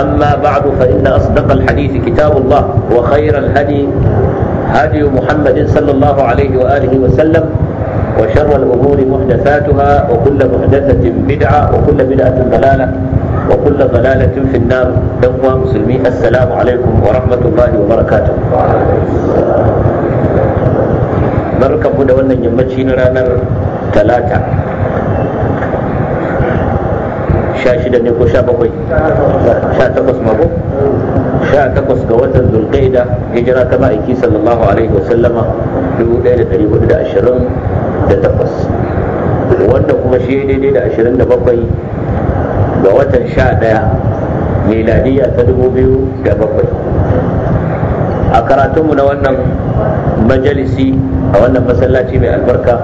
أما بعد فإن أصدق الحديث كتاب الله وخير الهدي هدي محمد صلى الله عليه وآله وسلم وشر الأمور محدثاتها وكل محدثة بدعة وكل بدعة ضلالة وكل ضلالة في النار دوا مسلمي السلام عليكم ورحمة الله وبركاته بركة da wannan yammaci na ranar talata sha shida ne ko sha bakwai sha takwas mako sha takwas ga watan zulqaida hijira ta ma'aiki sallallahu alaihi wasallama dubu ɗaya da ɗari hudu da ashirin da takwas wanda kuma shi daidai da ashirin da bakwai ga watan sha ɗaya miladiyya ta dubu biyu da bakwai a karatunmu na wannan majalisi a wannan masallaci mai albarka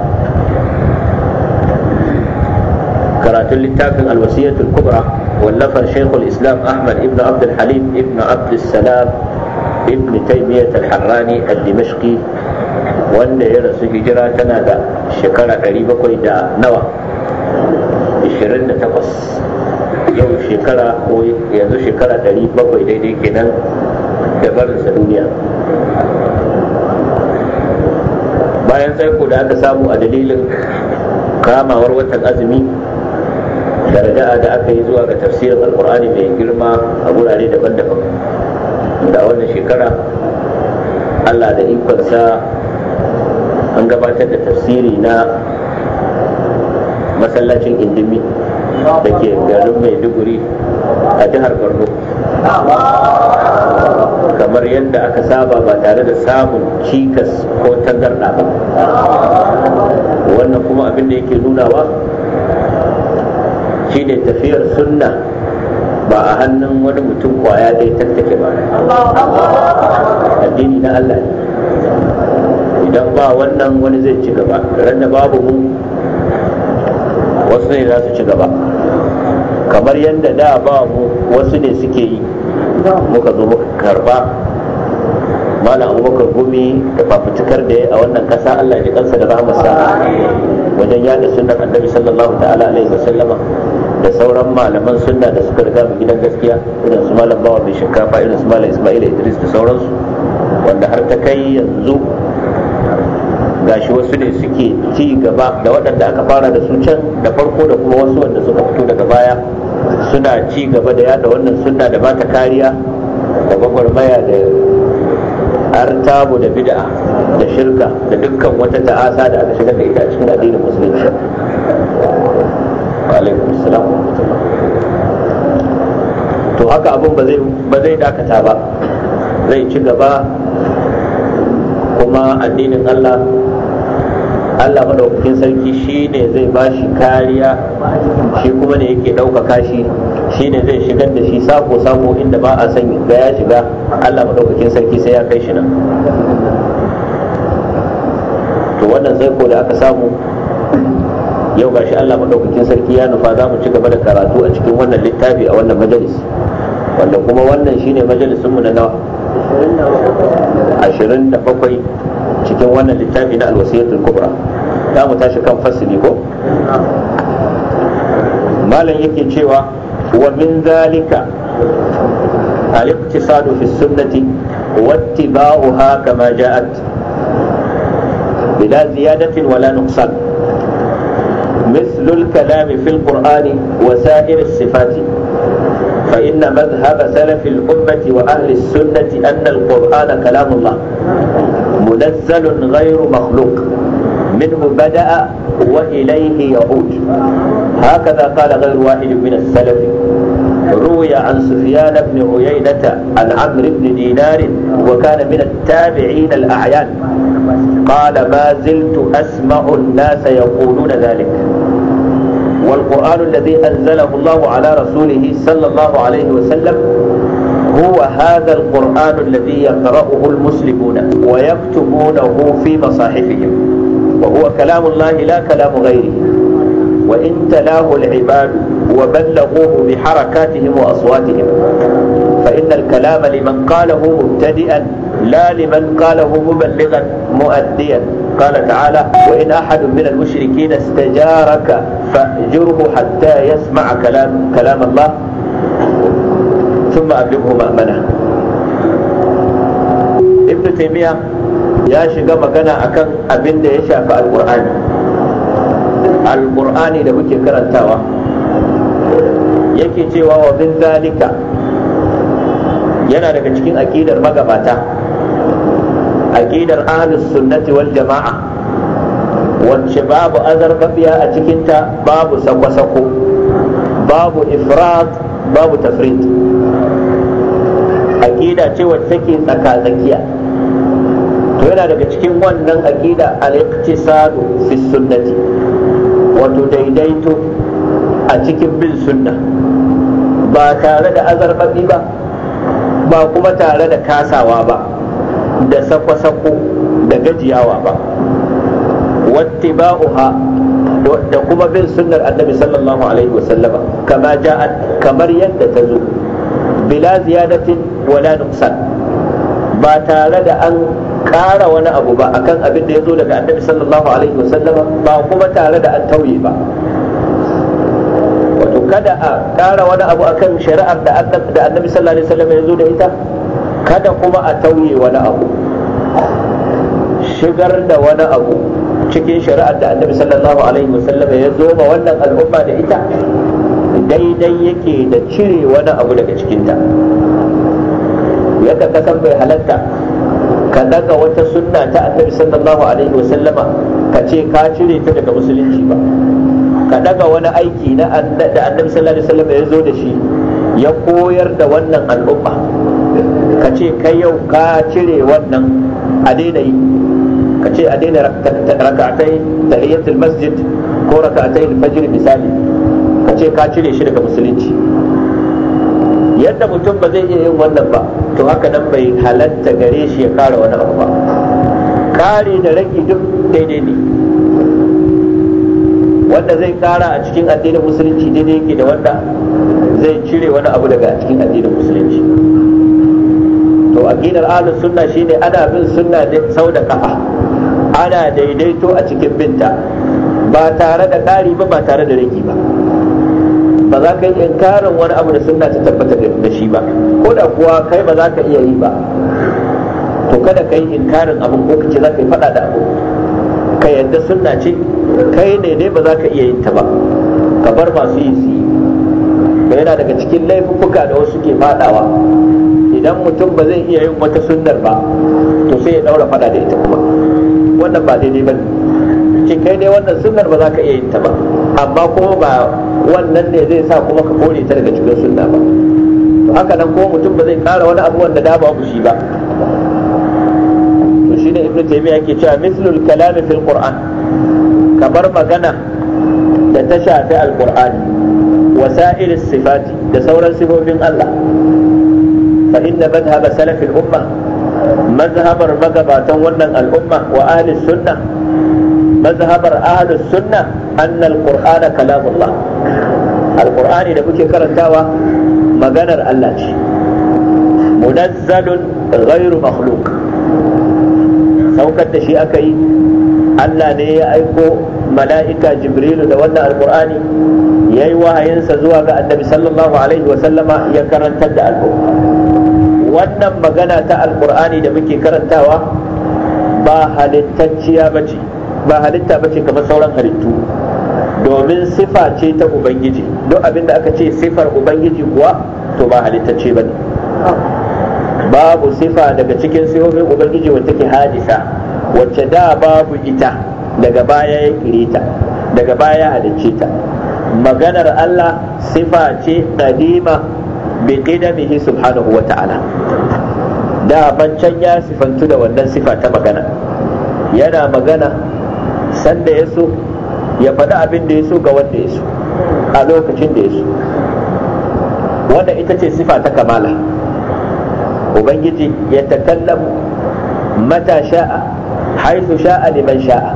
karatun littafin alwasiyatul kubra wallafar shaykhul islam ahmad ibn abd halim ibn abd salam ibn taymiyyah al-harrani al-dimashqi wanda ya rasu hijira tana da shekara 700 da nawa 28 yau shekara yanzu shekara 700 daidai kenan da barinsa duniya bayan tsaiko da aka samu a dalilin kamawar watan azumi darja'a da aka yi zuwa ga tafsirin alkur'ani mai girma a gurare daban-daban da wannan shekara allah da ikonsa an gabatar da tafsiri na masallacin indimi da ke garin maiduguri a jihar borno kamar yadda aka saba ba tare da samun cikas ko tangarɗa ba wannan kuma abin da yake nunawa ne tafiyar sunna ba a hannun wani mutum kwaya ya tattake ba addini na Allah idan ba wannan wani zai ci gaba da babu mu wasu ne za su ci gaba kamar yadda da ba mu wasu ne suke yi muka zo muka karba abu abubakar gumi da fafutukar da a wannan kasa Allah ya kansa da sa wajen yada sunan annabi sallallahu ta'ala alaihi wasallama da sauran malaman sunna da suka riga mu gidan gaskiya irin su malam bawa mai shinkafa irin su malam ismail idris da sauransu wanda har ta kai yanzu gashi wasu ne suke ci gaba da waɗanda aka fara da su can da farko da kuma wasu wanda suka fito daga baya suna ci gaba da yada wannan sunna da bata kariya da gwagwarmaya da artabu da bid'a da shirka da dukkan wata ta'asa da aka shigar da ita cikin addinin musulunci to haka abin ba zai dakata ba zai ci gaba kuma addinin Allah Allah madaukakin sarki ne zai ba shi kariya shi kuma ne yake ɗaukaka shi ne zai shigar da shi sako sako inda ba a sanyi ga ya shiga Allah madaukakin sarki sai ya kai shi nan to wannan ko da aka samu yau gashi Allah maɗaukakin sarki ya nufa za mu ci gaba da karatu a cikin wannan littafi a wannan majalis wanda kuma wannan shine majalisin mu na nawa 27 cikin wannan littafi na alwasiyatul kubra za mu tashi kan fasili ko malam yake cewa wa min zalika الاقتصاد في السنة واتباعها كما جاءت بلا زيادة ولا نقصان مثل الكلام في القرآن وسائر الصفات فإن مذهب سلف الأمة وأهل السنة أن القرآن كلام الله منزل غير مخلوق منه بدأ وإليه يعود هكذا قال غير واحد من السلف روي عن سفيان بن عيينة عن عمرو بن دينار وكان من التابعين الأعيان قال ما زلت أسمع الناس يقولون ذلك والقرآن الذي أنزله الله على رسوله صلى الله عليه وسلم هو هذا القرآن الذي يقرأه المسلمون ويكتبونه في مصاحفهم وهو كلام الله لا كلام غيره وإن تلاه العباد وبلغوه بحركاتهم وأصواتهم فإن الكلام لمن قاله مبتدئا لا لمن قاله مبلغا مؤديا قال تعالى وإن أحد من المشركين استجارك فأجره حتى يسمع كلام كلام الله ثم أبلغه مأمنه ابن تيمية ya shiga magana akan abin da ya shafi alkur'ani da muke karantawa yake cewa wa min zalika yana daga cikin aƙidar magabata aqidar ahlus sunnati wal jama'a wacce babu azarbabiya a cikinta babu sako-sako babu ifrat babu tafrit aqida ce wacce take tsaka-tsakiya to yana daga cikin wannan aqida al-iqtisadu fi sunnati wato daidaito a cikin bin sunna ba tare da azarbabi ba ba kuma tare da kasawa ba da sako-sako da gajiyawa ba wattiba'uha da kuma bin sunnar annabi sallallahu alaihi wasallama kama ja'at kamar yadda ta zo bila ziyadatin wala nuqsan ba tare da an ƙara wani abu ba akan abin da ya zo daga annabi sallallahu alaihi wasallama ba kuma tare da an tauye ba wato kada a ƙara wani abu akan shari'ar da annabi sallallahu alaihi wasallama ya zo da ita kada kuma a tauye wani abu shigar da wani abu cikin shari'ar da annabi sallallahu alaihi wasallam ya zo ma wannan al'umma da ita daidai yake da cire wani abu daga cikinta yadda kasan bai halatta ka daga wata sunna ta annabi sallallahu alaihi wasallama ka ce ka cire ta daga musulunci ba ka daga wani aiki da annabi sallallahu alaihi wasallam ya zo da shi ya koyar da wannan al'umma ka ce kai yau ka cire wannan a daina yi ka ce a daina da hiyatul masjid ko raka'atai fajr misali ka ce ka cire shi daga musulunci yadda mutum ba zai iya yin wannan ba to haka nan bai halatta gare shi ya kare wani abu ba kare da rage duk daidai ne wanda zai kara a cikin addinin musulunci daidai yake da wanda zai cire wani abu daga cikin addinin musulunci aqidar ahlus sunna shine ana bin sunna sau da kafa ana daidaito a cikin binta ba tare da ƙari ba ba tare da rage ba ba za ka yi inkarin wani abu da sunna ta tabbata da shi ba ko da kuwa kai ba za ka iya yi ba to kada ka yi inkarin abin ko kace za ka yi faɗa da abu ka yadda sunna ce kai ne ne ba za ka iya yin ta ba ka bar masu yi su yi yana daga cikin laifuffuka da wasu ke faɗawa idan mutum ba zai iya yin wata sunnar ba to sai ya daura fada da ita kuma wannan ba daidai ba ce kai ne wannan sunnar ba za ka iya yin ta ba amma kuma ba wannan ne zai sa kuma ka kore ta daga cikin sunna ba to haka nan kuma mutum ba zai kara wani abu wanda da ba shi ba to shine ibnu taymiya yake cewa mislul kalam fil qur'an kamar magana da ta shafi alqur'ani wasa'il sifati da sauran sifofin Allah فإن مذهب سلف الأمة مذهب مقباتا ونن الأمة وأهل السنة مذهب أهل السنة أن القرآن كلام الله القرآن إذا كنت كرنتاوى مغنر الله منزل غير مخلوق saukar da shi aka yi Allah ne ya aiko mala'ika jibrilu da wannan alkur'ani ya yi wahayinsa zuwa ga annabi sallallahu alaihi ya karantar da wannan magana ta alkur'ani da muke karantawa ba halittacciya bace ba halitta ce kamar sauran halittu domin sifa ce ta ubangiji duk abin da aka ce sifar ubangiji kuwa to ba halittacce ba ne babu sifa daga cikin sifofin ubangiji wacce ke hadisa wacce da babu ita daga baya ya kire ta daga baya halicce ta maganar Allah sifa ce qadima bi qidamihi subhanahu wa ta'ala da can ya sifantu da wannan sifa ta magana yana magana sanda ya so ya faɗi abin da ya so ga wanda ya so a lokacin da ya so Wanda ita ce sifa ta kamala ubangiji ya takallamu mata sha'a haisu sha'a liman sha'a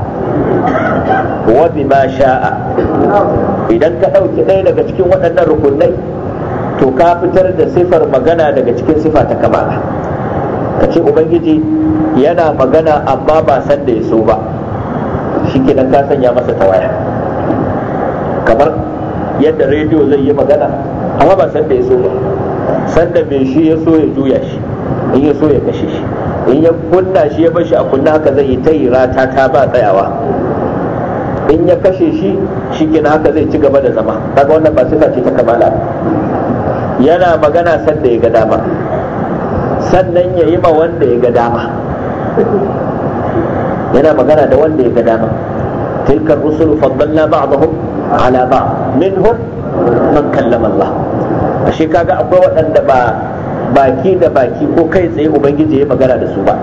wa bima sha'a idan ka ɗauki ɗaya daga cikin waɗannan rukunai to ka fitar da sifar magana daga cikin sifa ta kamala ka ce ubangiji yana magana amma ba san da ya so ba shi kenan ka sanya masa tawaya kamar yadda rediyo zai yi magana amma ba san da ya so ba san da mai shi ya so ya juya shi in ya so ya kashe shi in ya kunna shi ya bar shi a kunna haka zai yi ta yi rata ta ba tsayawa in ya kashe shi shi kenan haka zai ci gaba da zama kaga wannan ba sifa ce ta kamala yana magana san da ya ga dama sannan ya yi ma wanda ya ga dama yana magana da wanda ya ga dama tilkar rusul faddalna ba'dahum ala ba' minhum man kallama Allah ashe kaga akwai waɗanda ba baki da baki ko kai tsaye ubangiji ya magana da su ba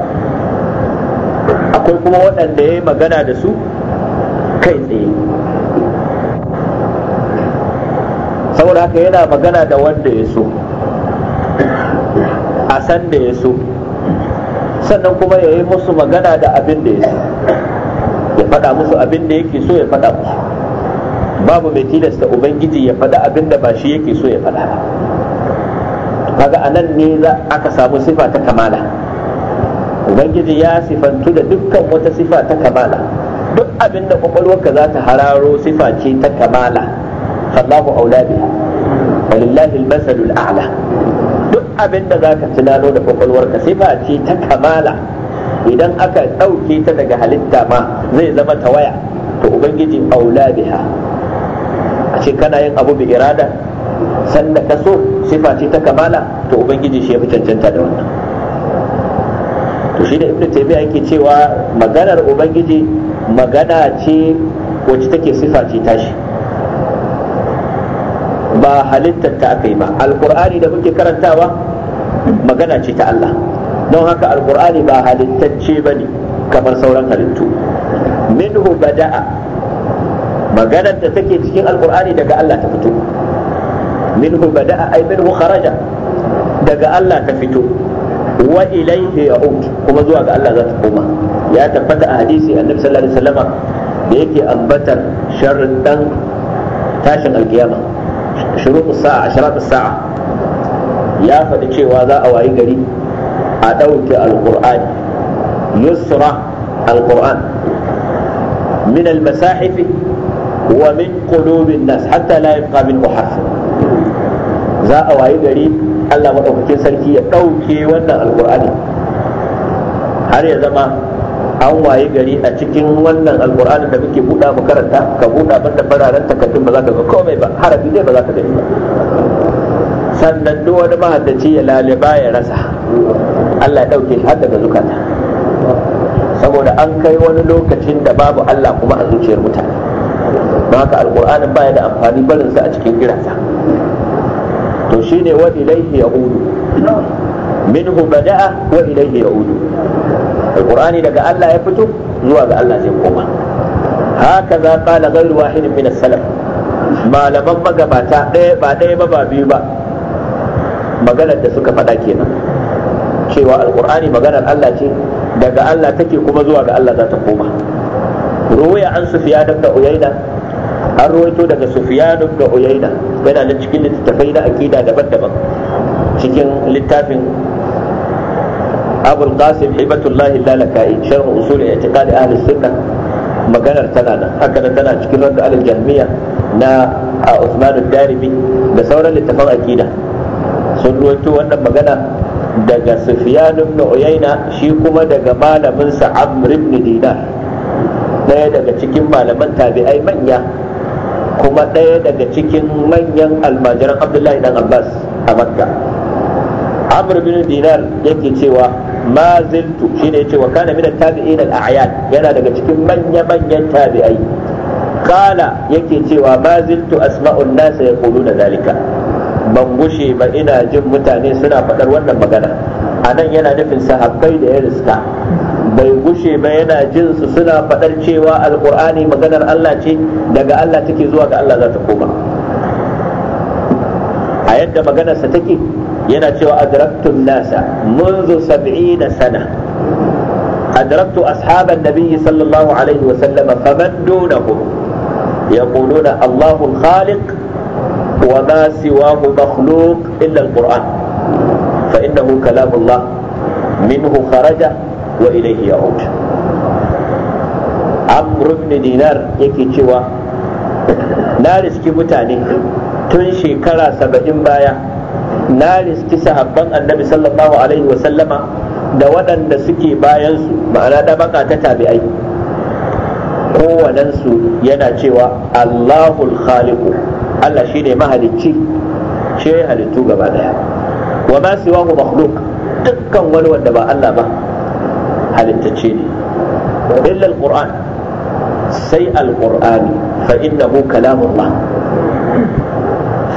akwai kuma waɗanda ya yi magana da su kai tsaye saboda haka yana magana da wanda ya so da ya so sannan kuma ya yi musu magana da abin da ya so ya faɗa musu abin da yake so ya faɗa musu babu mai tilasta ubangiji ya faɗa abin da ba shi yake so ya faɗa ba kaga a nan ne za aka samu sifa ta kamala ubangiji ya sifantu da dukkan wata sifa ta kamala duk abin da kwakwalwarka za ta hararo sifa ce ta kamala sallahu aula biha walillahi almasalul a'la abin da zaka tunano da kwakwalwarka sifa ce ta kamala idan aka ɗauke ta daga halitta ma zai zama ta waya, to ubangiji aula biha a ce kana yin abu bi irada sanda ka so sifa ce ta kamala to ubangiji shi ya fi cancanta da wannan to shi da ibnu taymiya yake cewa maganar ubangiji magana ce wacce take sifa ce tashi ba halittar ta aka yi ba alkur'ani da muke karantawa magana ce ta Allah don haka alkur'ani ba halittacce ba ne kamar sauran halittu minhu bada'a maganar da take cikin alkur'ani daga Allah ta fito minhu bada'a ai minhu kharaja daga Allah ta fito wa ilaihi ya'ud kuma zuwa ga Allah za ta koma ya tabbata a hadisi annabi sallallahu alaihi wasallam da yake ambatar sharrin dan tashin alkiyama shuruqus sa'a ashraqus sa'a ya faɗi cewa za a wayi gari a ɗauke alƙur'ani yusra alƙur'an min almasahifi wa min qulubin nas hatta la yabqa minhu harf za a wayi gari Allah madaukakin sarki ya ɗauke wannan alƙur'ani har ya zama an waye gari a cikin wannan alƙur'anin da muke buɗa mu karanta ka buɗa banda fararen takardun ba za ka ga komai ba harafi dai ba za ka gani ba sannan duk wani mahaddaci ya laliba ya rasa Allah ya ɗauke shi har daga zukata saboda an kai wani lokacin da babu Allah kuma a zuciyar mutane don haka alƙur'anin baya da amfani barinsa a cikin kirasa to shine wa ilaihi yaudu minhu bada'a wa ilaihi yaudu alkur'ani daga Allah ya fito zuwa ga Allah zai koma haka za qala ghayru wahidin min as-salaf malaman magabata ɗaya ba dai ba ba biyu ba maganar da suka faɗa kenan cewa alkur'ani maganar Allah ce daga Allah take kuma zuwa ga Allah za ta koma ruwaya an sufiya da uyaina an ruwaito daga sufiya da uyaina yana da cikin littattafai na akida daban-daban cikin littafin abul qasim hibatullahi lalakai sharh usul i'tiqad ahli sunna maganar tana nan haka nan tana cikin radda al na Uthman ad-Darimi da sauran littafan akida sun ruwaito wannan magana daga sufiyan ibn Uyayna shi kuma daga malamin sa Amr ibn Dinar ɗaya daga cikin malaman tabi'ai manya kuma ɗaya daga cikin manyan almajiran Abdullahi dan Abbas a Makka Amr ibn Dinar yake cewa ma ziltu shine yake cewa kana min tabiin al-a'yan yana daga cikin manya manyan tabi'ai kala yake cewa ma ziltu asma'un nas yaquluna zalika ban gushe ba ina jin mutane suna faɗar wannan magana a nan yana nufin sahabbai da ya riska bai gushe ba yana jin su suna faɗar cewa alƙur'ani maganar Allah ce daga Allah take zuwa ga Allah za ta koma a yadda maganarsa take yana cewa adraktun nasa munzu sab'ina sana أدركت أصحاب النبي صلى الله عليه وسلم فمن دونهم يقولون الله الخالق وما سواه مخلوق إلا القرآن فإنه كلام الله منه خرج وإليه يعود عمرو بن دينار يكي تشوى نارس كبتاني تنشي كرا سبعين بايا نارس كسهبان النبي صلى الله عليه وسلم da waɗanda suke bayansu ma'ana da baka ta tabi'ai kowanensu yana cewa allahul khaliqu Allah shi ne mahalicci shi halittu gaba daya wa ma siwahu makhluq dukkan wani wanda ba Allah ba halittacce ne illa alquran sai alqur'ani fa innahu kalamullah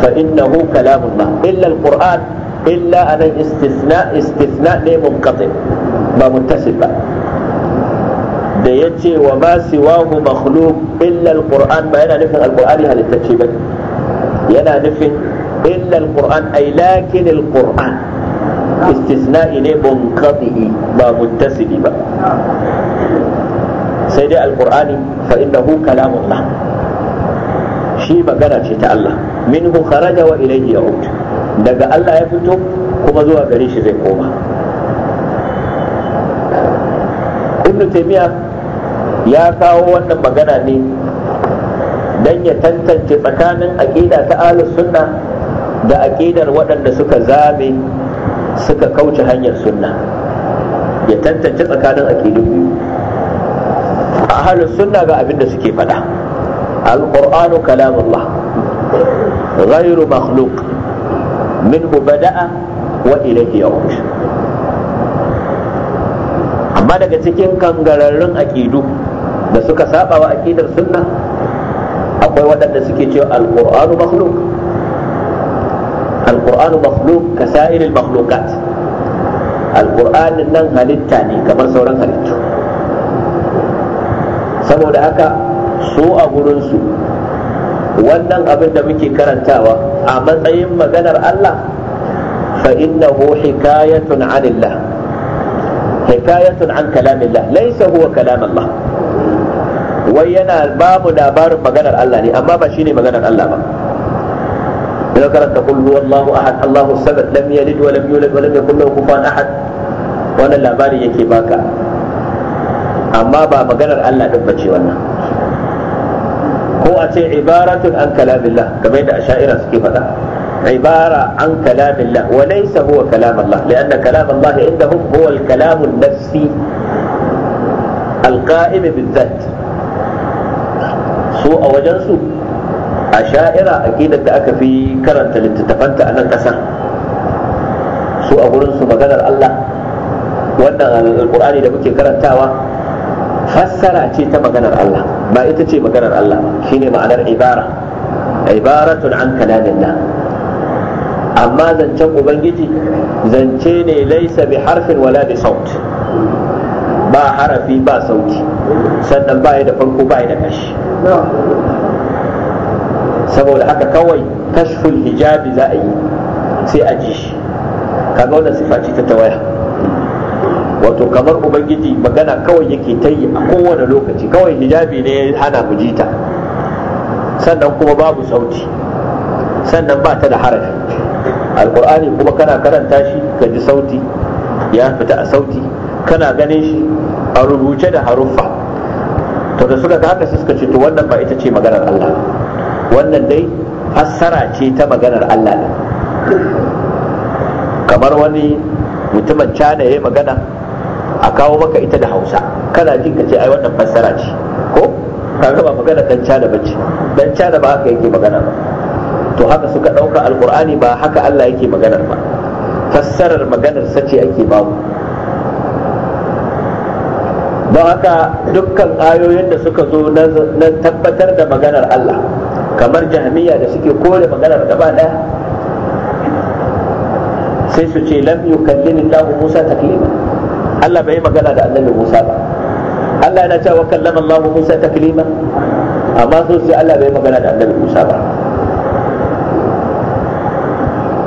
fa innahu kalamullah illa alquran illa anan istisna istisna ne munqati ba muttasil ba da yace wa ma siwahu makhluq illa alquran ba yana nufin alqur'ani halittacce ba ne. yana nufin illa alquran ay lakin alquran istisna'i ne munqadi ba muttasili ba sai dai alqur'ani fa innahu kalamullah shi magana ce ta Allah minhu kharaja wa ilayhi ya'ud daga Allah ya fito kuma zuwa gare shi zai koma ibn taymiya ya kawo wannan magana ne dan ya tantance tsakanin aƙida ta ahlus sunna da aƙidar waɗanda suka zabe suka kauce hanyar sunna ya tantance tsakanin aƙidu biyu ahlus sunna ga abin da suke faɗa alqur'anu kalamullah غير Min منه بدأ وإليه يرجع amma daga cikin kangararrun aƙidu da suka saba wa aƙidar sunna akwai waɗanda suke cewa alƙur'anu makhluq alqur'anu makhluq ka sa'iril nan halitta ne kamar sauran halittu saboda haka su a gurinsu wannan abin da muke karantawa a matsayin maganar Allah fa innahu hikayatun anillah hikayatun an kalamillah laysa huwa Allah wai yana ba labarin maganar Allah ne amma ba shine maganar Allah ba da karanta qul huwallahu ahad Allahu samad lam yalid wa lam yulad wa lam yakul lahu kufuwan ahad wannan labarin yake baka amma ba maganar Allah din bace wannan ko a ce ibaratun an kalamillah kamar yadda asha'ira suke faɗa عبارة عن كلام الله وليس هو كلام الله لأن كلام الله عندهم هو الكلام النفسي القائم بالذات so a wajensu a sha'ira aƙidar da aka fi karanta littattafanta a nan ƙasa su a su maganar Allah wannan alƙur'ani da muke karantawa fassara ce ta maganar Allah ba ita ce maganar Allah Shi shine ma'anar ibara ibaratun an kalamillah amma zancen ubangiji zance ne laisa bi harfin wala bi saut ba harafi ba sauti sannan ba da farko ba da ƙashi. saboda haka kawai kashful hijabi za a yi sai a ji shi kaga wannan sifa ce ta tawaya wato kamar ubangiji magana kawai yake ta yi a kowane lokaci kawai hijabi ne ya hana mu jita sannan kuma babu sauti sannan ba ta da harafi alkur'ani kuma kana karanta shi ka ji sauti ya fita a sauti kana ganin shi a rubuce da haruffa to da suka ga haka suka ce to wannan ba ita ce maganar Allah wannan dai fassara ce ta maganar Allah ne kamar wani mutumin cana ya magana a kawo maka ita da hausa kana jin ka ce ai wannan fassara ce ko kaga ba magana dan cana ba ce. dan cana ba haka yake magana ba to haka suka dauka alqur'ani ba haka Allah yake maganar ba fassarar maganar sace ake bawa. don haka dukkan ayoyin da suka zo na tabbatar da maganar Allah kamar jahmiya da suke kore maganar gaba daya sai su ce lam yukallimi Allah Musa taklima Allah bai magana da annabi Musa ba Allah yana cewa kallama Allah Musa taklima amma sun sai Allah bai magana da annabi Musa ba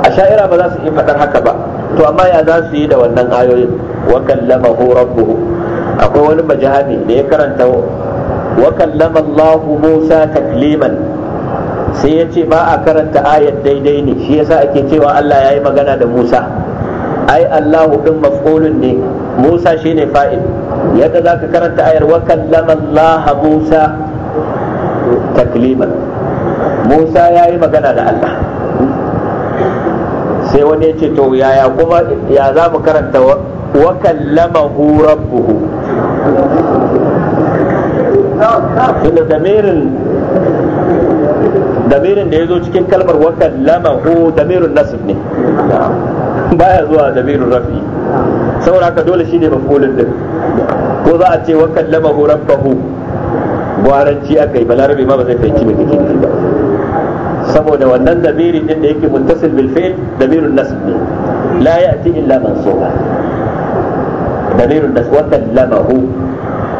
a sha'ira ba za su yi fadar haka ba to amma ya za su yi da wannan ayoyin wa kallamahu rabbuhu akwai wani majami da ya karanta wa kallama Allah Musa takliman sai ya ce ba a karanta ayat daidai ne shi yasa ake cewa Allah ya yi magana da Musa ai Allahu din maf'ulun ne Musa shi ne fa'il yadda za ka karanta ayar wa kallama Allah Musa takliman Musa ya yi magana da Allah sai wani ya ce to yaya kuma ya za mu karanta wa hu rabbuhu tunda damirin damirin da ya zo cikin kalmar wakan lamahu damirin nasib ne baya zuwa damirin rafi saboda haka dole shi ne mafulin din ko za a ce wakan lamahu rabbahu gwaranci aka yi balarabe ma ba zai fahimci mai kake nufi ba saboda wannan damirin din da yake muttasil bil fi'l damirin nasib ne la ya'ti illa mansuba dalilin da kallamahu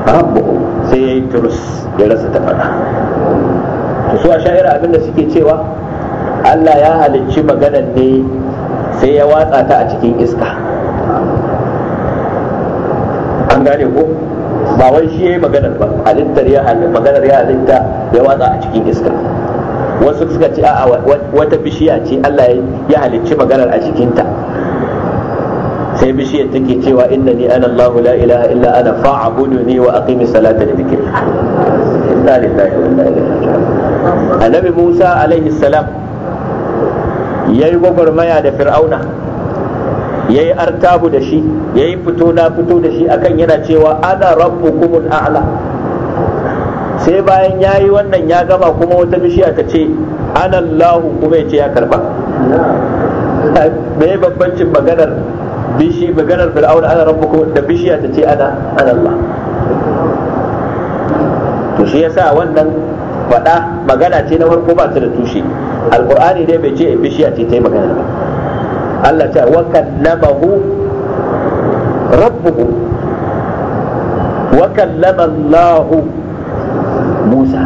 rabbuhu sai ya yi turus ya rasa ta fada to su a sha'ira abinda suke cewa Allah ya halicci maganar ne sai ya watsa ta a cikin iska an gane ko ba wai shi ya yi maganar ba halittar ya maganar ya halitta ya watsa a cikin iska wasu suka ce a'a wata bishiya ce Allah ya halicci maganar a cikinta sai bishiyar take cewa inna ni ana Allah la ilaha illa ana ni wa aqimi salata li dhikri annabi Musa alaihi salam yayi gwagwarmaya da fir'auna yayi artabu da shi yayi fito na fito da shi akan yana cewa ana rabbukum a'la sai bayan yayi wannan ya gama kuma wata bishiya ta ce ana Allah kuma ya ce ya karba me babbancin maganar bishi maganar fir'aun ana ko da bishiya ta ce ana ana Allah to shi yasa wannan faɗa magana ce na farko ba ta da tushe alqur'ani dai bai ce bishiya ce ta yi magana ba Allah ta wa kallamahu rabbuhu wa kallama Allah Musa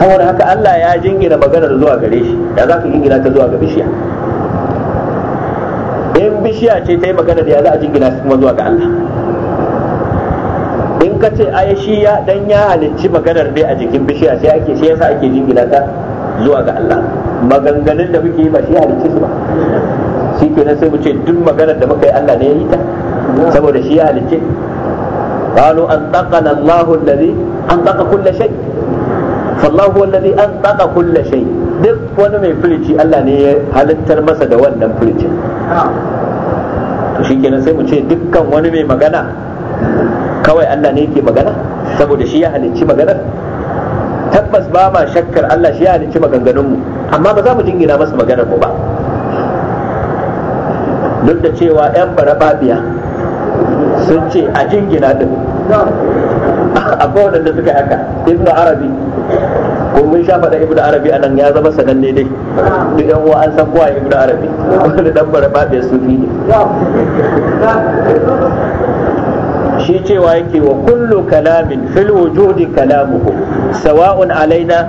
saboda haka Allah ya jingina maganar zuwa gare shi da zaka jingina ta zuwa ga bishiya bishiya ce ta yi magana da ya za a jingina su kuma zuwa ga Allah in ka ce ai shi ya dan ya halicci maganar dai a jikin bishiya sai ake shi yasa ake jingina ta zuwa ga Allah maganganun da muke yi ba shi halicci su ba shi kenan sai mu ce duk maganar da muka yi Allah ne ya yi ta saboda shi ya halicce قالوا أنطقنا الله الذي أنطق كل شيء فالله هو الذي أنطق كل شيء duk wani mai firici Allah ne ya halittar masa da wannan firicin to kenan sai mu ce dukkan wani mai magana kawai Allah ne yake magana saboda shi ya halicci maganar tabbas ba ma shakkar Allah shi ya halicci maganganunmu amma ba za mu jingina masa maganar mu ba duk da cewa 'yan barababiya sun ce a jingina din akwai waɗanda suka haka ibnu arabi ko mun sha faɗa ibnu arabi anan ya zama sananne dai duk yan uwa an san kowa ibnu arabi wanda dan bara babiyar sufi ne shi cewa yake wa kullu kalamin fil wujudi kalamuhu sawa'un alaina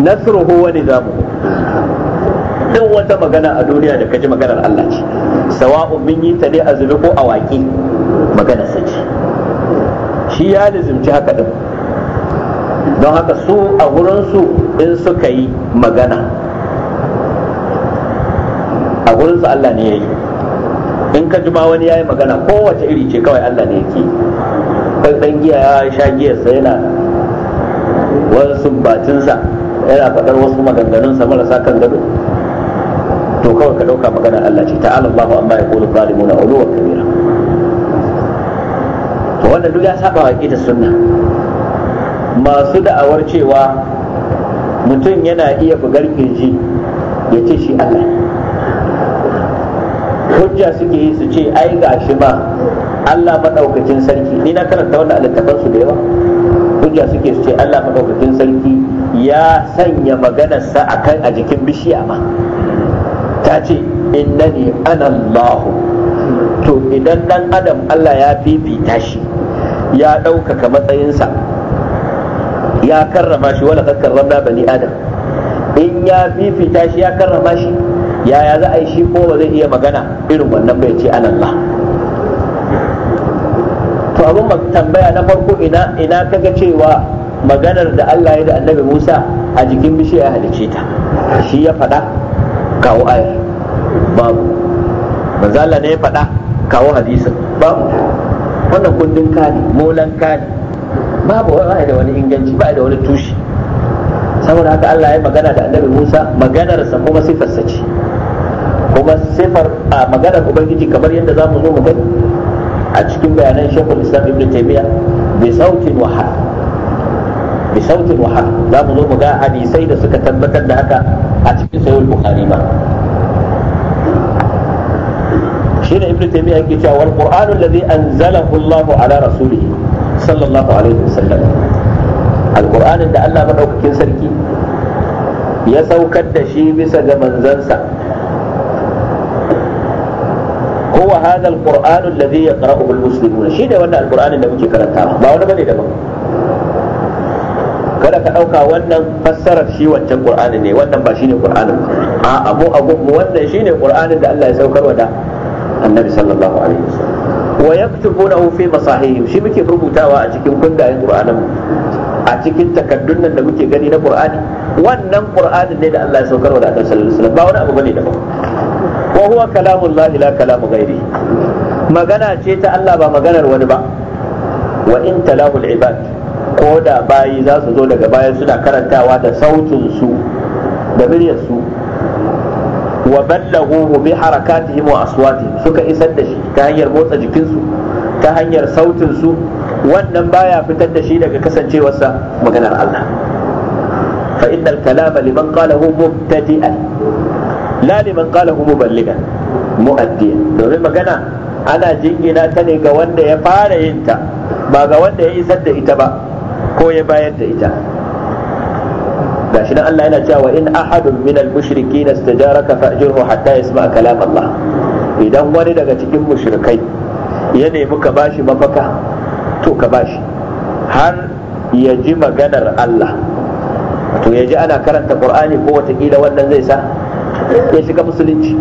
nasruhu wa nizamuhu duk wata magana a duniya da kaji maganar Allah ce sawa'un mun yi ta ne a zubi ko a waƙi maganar shi ya lizimci haka din don haka su a gurinsu in suka yi magana a gurinsu Allah ne ya yi in ka jima wani ya yi magana kowace iri ce kawai Allah ne ya ke ɗan giya ya sha giyarsa yana wasu batinsa yana faɗar wasu maganganunsa marasa kan gado to kawai ka ɗauka magana Allah ce ta'ala Allahu amma ya kulu zalimuna uluwa kabira to wanda duk ya saba wa sunna masu da'awar cewa mutum yana iya bugar kirji ya ce shi Allah hujja suke yi su ce ai shi ma Allah maɗaukacin sarki ni na karanta wanda a da yawa hujja suke su ce Allah maɗaukacin sarki ya sanya maganarsa a kan a jikin bishiya ma ta ce innani ana Allahu to idan ɗan adam Allah ya fifita shi ya ɗaukaka matsayinsa ya karrama shi wala kad karramna bani adam in ya fifita shi ya karrama shi yaya za a yi shi ko ba zai iya magana irin wannan bai ce Allah. to abin tambaya na farko ina ina kaga cewa maganar da Allah ya da annabi Musa a jikin bishiya ya halice ta shi ya faɗa kawo ayar babu manzo Allah ne ya faɗa kawo hadisin babu wannan kundin kani molan kani babu ba da wani inganci ba da wani tushe saboda haka Allah ya magana da annabi Musa maganarsa kuma sifarsa ce kuma sifar a maganar ubangiji kamar yadda za mu zo mu gani a cikin bayanan shekul islam ibn taymiya bi sautin wahad bi sautin wahad za mu zo mu ga hadisai da suka tabbatar da haka a cikin sahih bukhari ma shine ibn taymiya yake cewa wal qur'anu alladhi anzalahu Allah ala rasulihi sallallahu alaihi wasallam alqur'anin da Allah madaukakin sarki ya saukar da shi bisa ga manzansa huwa hadha alqur'an alladhi yaqra'uhu almuslimun shi ne wannan alqur'anin da muke karanta, ba wani bane daban kada ka dauka wannan fassarar shi wancan qur'ani ne wannan ba shine qur'anin ba a abu abu wannan shine qur'anin da Allah ya saukar wa da annabi sallallahu alaihi wasallam wa yaktubunahu fi masahihim shi muke rubutawa a cikin kundayen qur'anin a cikin takaddun nan da muke gani na qur'ani wannan qur'anin ne da Allah ya saukar wa Annabi sallallahu alaihi wasallam ba wani abu bane daban wa huwa kalamullahi la kalamu ghairi magana ce ta Allah ba maganar wani ba wa in talahu ibad ko da bayi za su zo daga baya suna karantawa da sautin su da miryar su wa ballaghuhu bi harakatihim wa aswatihim suka isar da shi ta hanyar motsa jikinsu ta hanyar sautin su wannan baya fitar da shi daga kasancewarsa maganar Allah fa innal kalama liman qalahu mubtadi'an la liman qalahu muballigan mu'addiyan domin magana ana jingina ta ne ga wanda ya fara yin ta ba ga wanda ya isar da ita ba ko ya bayar da ita gashi nan Allah yana cewa in ahadun min al-mushrikeen istajaraka fa'jirhu hatta yasma' kalam Allah idan wani daga cikin mushrikai ya nemi ka bashi mafaka to ka bashi har ya ji maganar Allah to ya ji ana karanta Qur'ani ko watakila wannan zai sa ya shiga musulunci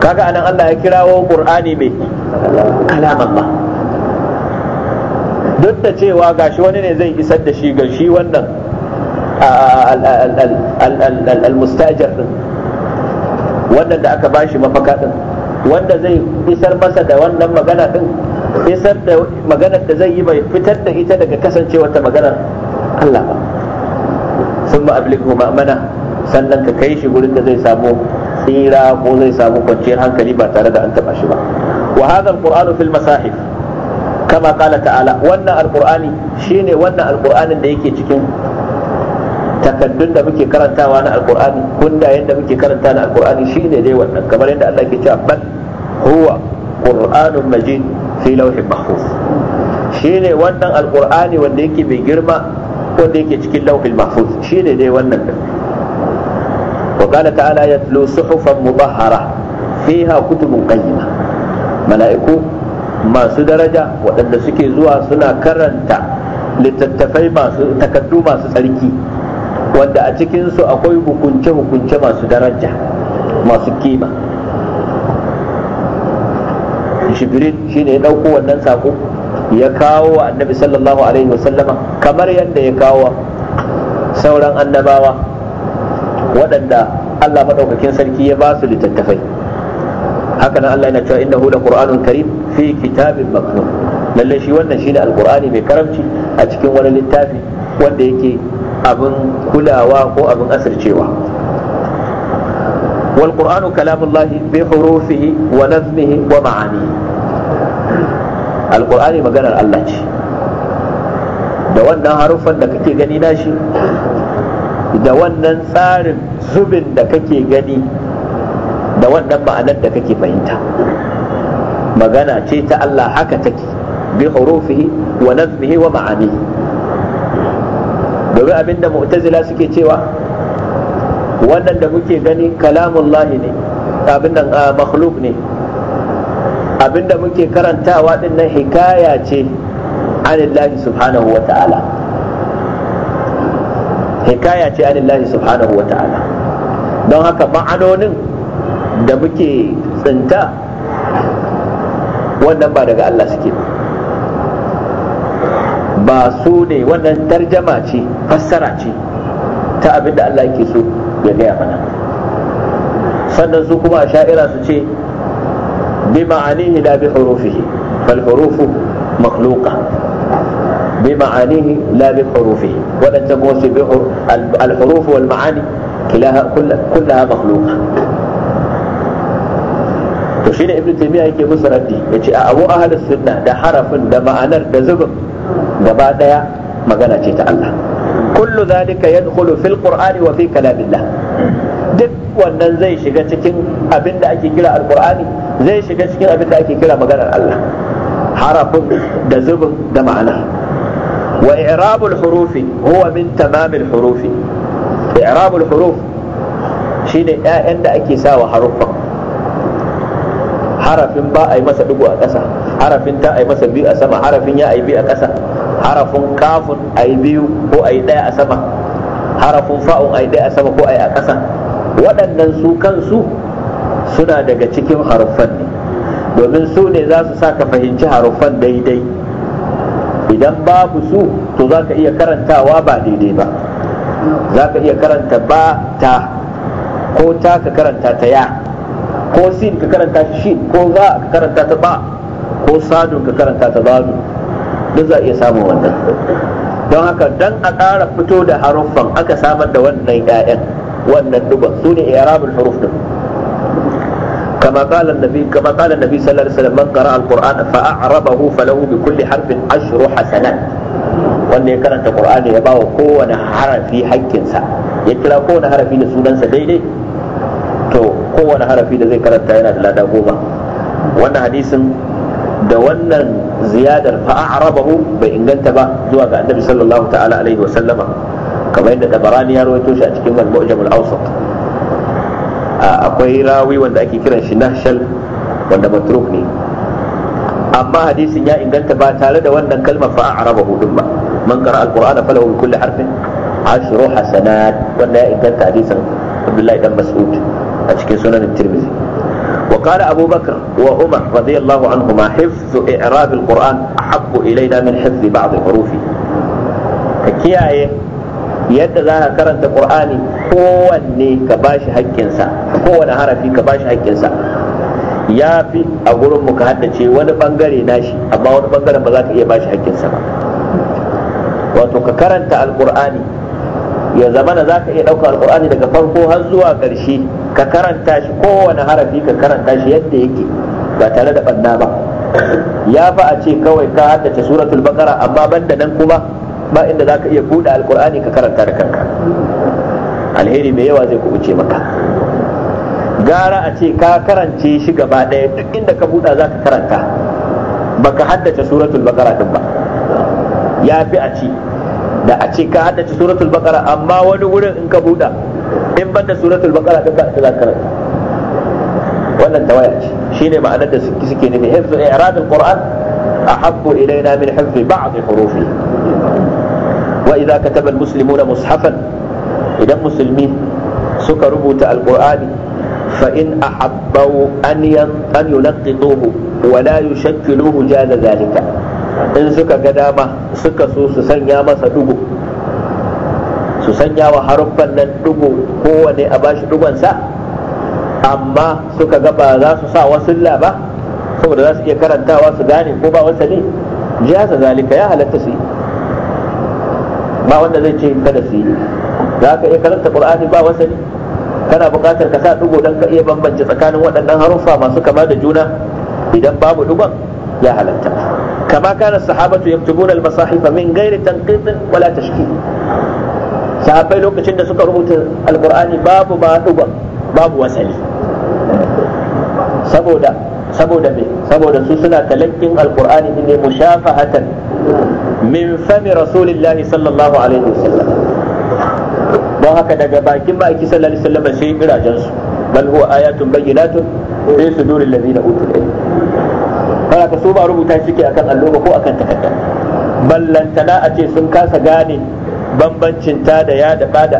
kaga anan Allah ya kirawo Qur'ani mai kalam Allah duk da cewa gashi wani ne zai isar da shi ga shi wannan almustajir din wannan da aka bashi mafaka din wanda zai isar masa da wannan magana din isar da maganar da zai yi mai fitar da ita daga kasancewar ta maganar Allah ba sun ma'ablighu ma'amana sannan ka kai shi gurin da zai samu tsira ko zai samu kwanciyar hankali ba tare da an taba shi ba wa hadha alqur'anu fil masahif kama qala ta'ala wannan alqur'ani shine wannan alqur'anin da yake cikin takaddun da muke karantawa na alkur'ani kundayen da muke karanta na alkur'ani ne dai wannan kamar yadda Allah ke cewa bal huwa qur'anun majid fi lawhin mahfuz ne wannan alkur'ani wanda yake mai girma wanda yake cikin lawhin mahfuz ne dai wannan din wa qala ta'ala yatlu suhufan mudahhara fiha kutubun qayyima mala'iku masu daraja waɗanda suke zuwa suna karanta littattafai masu takaddu masu tsarki wanda a cikinsu akwai hukunce-hukunce masu daraja masu kima jibril shine ya ɗauko wannan saƙo ya kawo wa annabi sallallahu alaihi wasallama kamar yadda ya kawo sauran annabawa waɗanda allah maɗaukakin sarki ya ba su littattafai haka nan allah yana cewa inna da ƙur'anun karim fi kitabin maknun lallai shi wannan shine alqur'ani mai karamci a cikin wani littafi wanda yake abin kulawa ko abin asircewa wal qur'anu kalamullahi bi hurufihi wa nazmihi wa ma'ani al qur'ani maganar Allah ce da wannan haruffan da kake gani nashi da wannan tsarin zubin da kake gani da wannan ma'anar da kake fahimta magana ce ta Allah haka take bi hurufihi wa nazmihi wa ma'anihi domin abinda mu'tazila suke cewa wannan da muke gani kalamullahi ne abin nan ah, makhluk ne abinda muke karantawa din nan hikaya ce anillahi subhanahu wa ta'ala hikaya ce anillahi subhanahu wa ta'ala don haka ma'anonin da muke tsinta wannan ba daga Allah suke ba su ne wannan tarjama ce fassara ce ta abin da Allah yake so ya gaya mana sannan su kuma a sha'ira su ce bi ma'anihi la bi hurufihi fal hurufu makhluqa bi ma'anihi la bi hurufihi wadanda kuma bi al hurufu wal ma'ani kilaha kullaha makhluqa to shine ibnu taymiya yake musu raddi yace a abu ahlus sunna da harafin da ma'anar da zubin gaba daya magana ce ta Allah kullu zalika yadkhulu fil qur'ani wa fi kalamillah duk wannan zai shiga cikin abin da ake kira alqur'ani zai shiga cikin abin da ake kira maganar Allah harafin da zubin da ma'ana wa i'rabul hurufi huwa min tamamil hurufi i'rabul huruf shine ƴaƴan da ake sawa haruffan harafin ba a yi masa digo a ƙasa harafin ta a yi masa biyu a sama harafin ya a yi biyu a ƙasa harafin kafin a yi biyu ko a yi ɗaya a sama harafin fa'un a yi ɗaya a sama ko a yi a ƙasa waɗannan su kansu suna daga cikin haruffan ne domin su ne za su sa ka fahimci haruffan daidai idan babu su to za ka iya karantawa ba daidai ba za ka iya karanta ba ta ko ta ka karanta ta ya ko sin ka karanta shi ko za ka karanta ta ba ko sadun ka karanta ta zadu duk za a iya samun wannan don haka dan a ƙara fito da haruffan aka samar da wannan 'ya'yan wannan duban su ne i'rabul huruf din كما قال النبي كما قال النبي صلى الله عليه وسلم من قرأ القرآن فأعربه فله بكل حرف عشر حسنات wanda ya karanta Qur'ani ya bawa kowane harafi hakkinsa ya kira kowane harafi da sunansa daidai to kowane harafi da zai karanta yana da lada goma wannan hadisin da wannan ziyadar fa'arabahu bai inganta ba zuwa ga annabi sallallahu ta'ala alaihi wa sallama kamar yadda tabarani ya rawaito shi a cikin al-mu'jam al-awsat akwai rawi wanda ake kiran shi nahshal wanda matruk ne amma hadisin ya inganta ba tare da wannan kalmar fa'arabahu din ba man qara al-qur'ana falahu bi kulli harfin ashru hasanat wanda ya inganta hadisin Abdullahi dan Mas'ud a cikin sunan Tirmidhi وقال أبو بكر وعمر رضي الله عنهما حفظ إعراب القرآن أحب إلينا من حفظ بعض الحروف كياية yadda za ka karanta qur'ani kowanne ka bashi haƙƙinsa kowane harafi ka bashi haƙƙinsa ya fi a gurin mu ka haddace wani bangare nashi amma wani bangaren ba za ka iya bashi haƙƙinsa ba wato ka karanta alqur'ani ya zamana za ka iya ɗauka alqur'ani daga farko har zuwa ƙarshe ka karanta shi kowane harafi ka karanta shi yadda yake ba tare da banna ba ya fa a ce kawai ka haddace suratul baqara amma banda nan kuma ba inda za ka iya buɗe alkur'ani ka karanta da kanka alheri mai yawa zai kubuce maka gara a ce ka karance shi gaba ɗaya duk inda ka buɗa za ka karanta baka haddace suratul baqara din ba ya fi a ce da a ce ka haddace suratul baqara amma wani wurin in ka buɗa in banda suratul baqara din ba ta za karanta wannan tawaya ce shine ma'anar da suke suke nufi hifzu i'radul qur'an ahabbu ilaina min hifzi ba'd hurufi wa idza kataba almuslimuna mushafan idan musulmi suka rubuta alqur'ani fa in ahabbu an yan an yunqituhu wa la yushakkiluhu jaza zalika in suka ga dama suka so sanya masa dugu su sanya wa haruffan nan dugo kowane a bashi dugonsa amma suka ga ba za su sa wasu wasilla ba saboda za su iya karantawa su gane ko ba wasali jaza zalika ya halatta su ba wanda zai ce kada su yi za ka iya karanta qur'ani ba wasali kana buƙatar ka sa dugo don ka iya bambance tsakanin waɗannan haruffa masu kama da juna idan babu dugon ya halatta kama kana sahabatu yaktubuna al masahifa min ghairi tanqit wala tashkil sahabbai lokacin da suka rubuta alkur'ani babu ba duba babu wasali saboda saboda me saboda su suna talakkin alkur'ani ne mushafahatan min fami rasulillahi sallallahu alaihi wasallam don haka daga bakin ma'aiki sallallahu alaihi wasallam sai kirajen su bal huwa ayatun bayyinatun fi suduril ladina utul ilm ka su ba rubuta shi ke akan allo ko akan takarda ballantana a ce sun kasa gane bambancin ta da ya da bada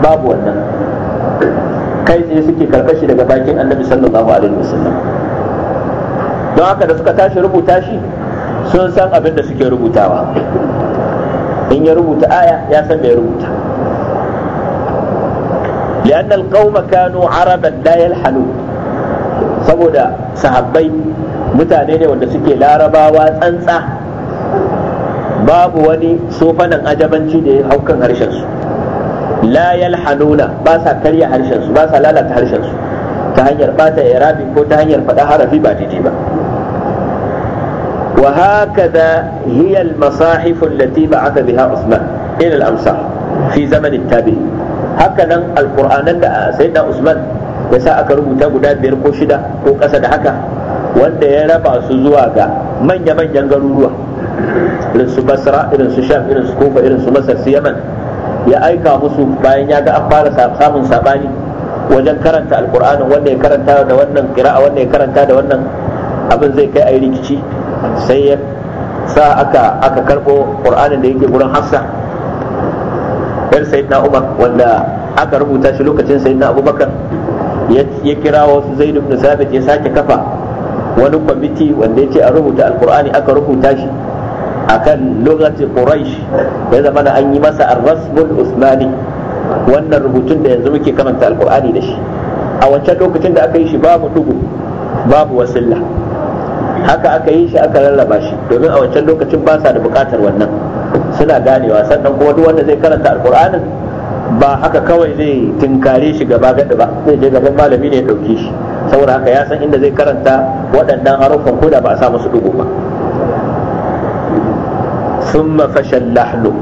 babu wannan kai tsaye suke karkashi daga bakin annabi sallallahu alaihi wasallam don haka da suka tashi rubuta shi sun san abin da suke rubutawa in ya rubuta aya ya san me ya rubuta لأن القوم كانوا عربا لا يلحنون saboda sahabbai mutane ne wanda suke larabawa tsantsa babu wani sofanan ajabanci da ya hau kan harshen su la yalhanuna ba sa karya harshen su ba sa lalata harshen su ta hanyar bata irabi ko ta hanyar faɗa harafi ba daidai ba وهكذا hiya المصاحف التي بعث بها عثمان إلى الأمصار في fi zaman هكذا haka nan alquranan da sa aka rubuta guda biyar ko shida ko ƙasa da haka wanda ya raba su zuwa ga manya-manyan garuruwa irin su basra irin su sham irin su kufa irin su masar su yaman ya aika musu bayan ya ga an fara samun sabani wajen karanta alkur'ani wanda ya karanta da wannan qira'a wanda ya karanta da wannan abin zai kai a yi rikici sai ya sa aka aka karbo qur'anin da yake gurin hafsa yar sayyidina umar wanda aka rubuta shi lokacin sayyidina abubakar ya kira wasu zaid ibn sabit ya sake kafa wani kwamiti wanda ya ce a rubuta alkur'ani aka rubuta shi akan lugati quraish ya zama da an yi masa ar-rasmul usmani wannan rubutun da yanzu muke karanta alqur'ani da shi a wancan lokacin da aka yi shi babu dugu babu wasilla haka aka yi shi aka rarraba shi domin a wancan lokacin ba sa da bukatar wannan suna ganewa sannan kuma duk wanda zai karanta alqur'anin ba haka kawai zai tinkare shi gaba gadi ba zai je gaban malami ne ya dauke shi saboda haka ya san inda zai karanta waɗannan harufan ko da ba a sa musu dugu ba thumma fashal lahlu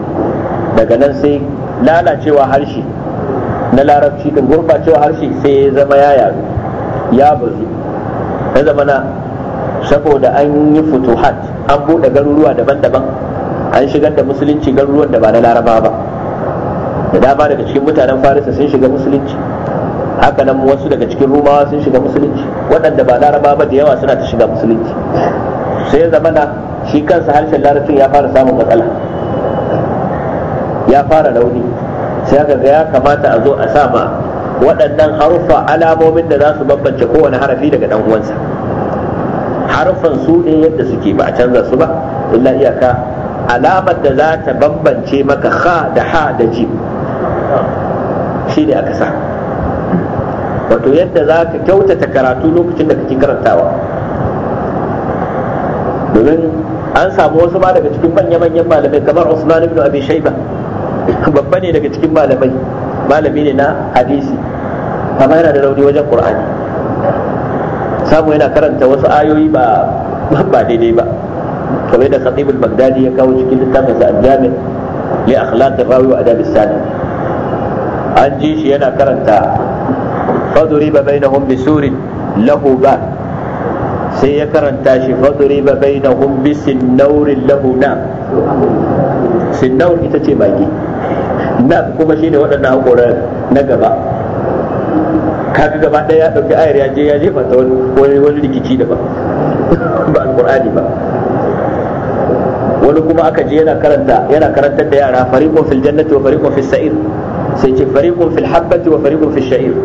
daga nan sai lalacewa harshe na larabci din gurbacewa harshe sai ya zama ya yaru ya bazu ya zama na saboda an yi futuhat an buɗe garuruwa daban-daban an shigar da musulunci garuruwan da ba na laraba ba da dama daga cikin mutanen farisa sun shiga musulunci haka nan wasu daga cikin rumawa sun shiga musulunci waɗanda ba laraba ba da yawa suna ta shiga musulunci sai ya zama na shi kansa harshen larabcin ya fara samun matsala ya fara rauni sai aka ga ya kamata a zo a sa ma waɗannan haruffa alamomin da za su bambance kowane harafi daga ɗan uwansa haruffan su ne yadda suke ba a canza su ba illa iyaka alamar da za ta bambance maka ha da ha da ji shi ne aka sa wato yadda za ka kyautata karatu lokacin da kake karantawa domin an samu wasu ma daga cikin manya-manyan malamai kamar Usman ibn Abi Shayba babba ne daga cikin malamai malami ne na hadisi amma yana da rauni wajen Qur'ani samu yana karanta wasu ayoyi ba ba daidai ba kamar da Khatib al-Baghdadi ya kawo cikin littafin sa al-Jami' li akhlaq ar-rawi wa adab as an ji shi yana karanta fadriba bainahum bisurin lahu ba sai ya karanta shi faduri ba bai na humbi sinnaurin lahuna sinnaur ita ce magi na kuma shi ne waɗannan haƙoran na gaba kaga gaba ɗaya ya ɗauki ayar ya je ya je fata wani wani rikici da ba ba alƙur'ani ba wani kuma aka je yana karanta yana karantar da yara fariqun fil jannati wa fariqun fis sa'ir sai ce fariqun fil habbati wa fariqun fis sha'ir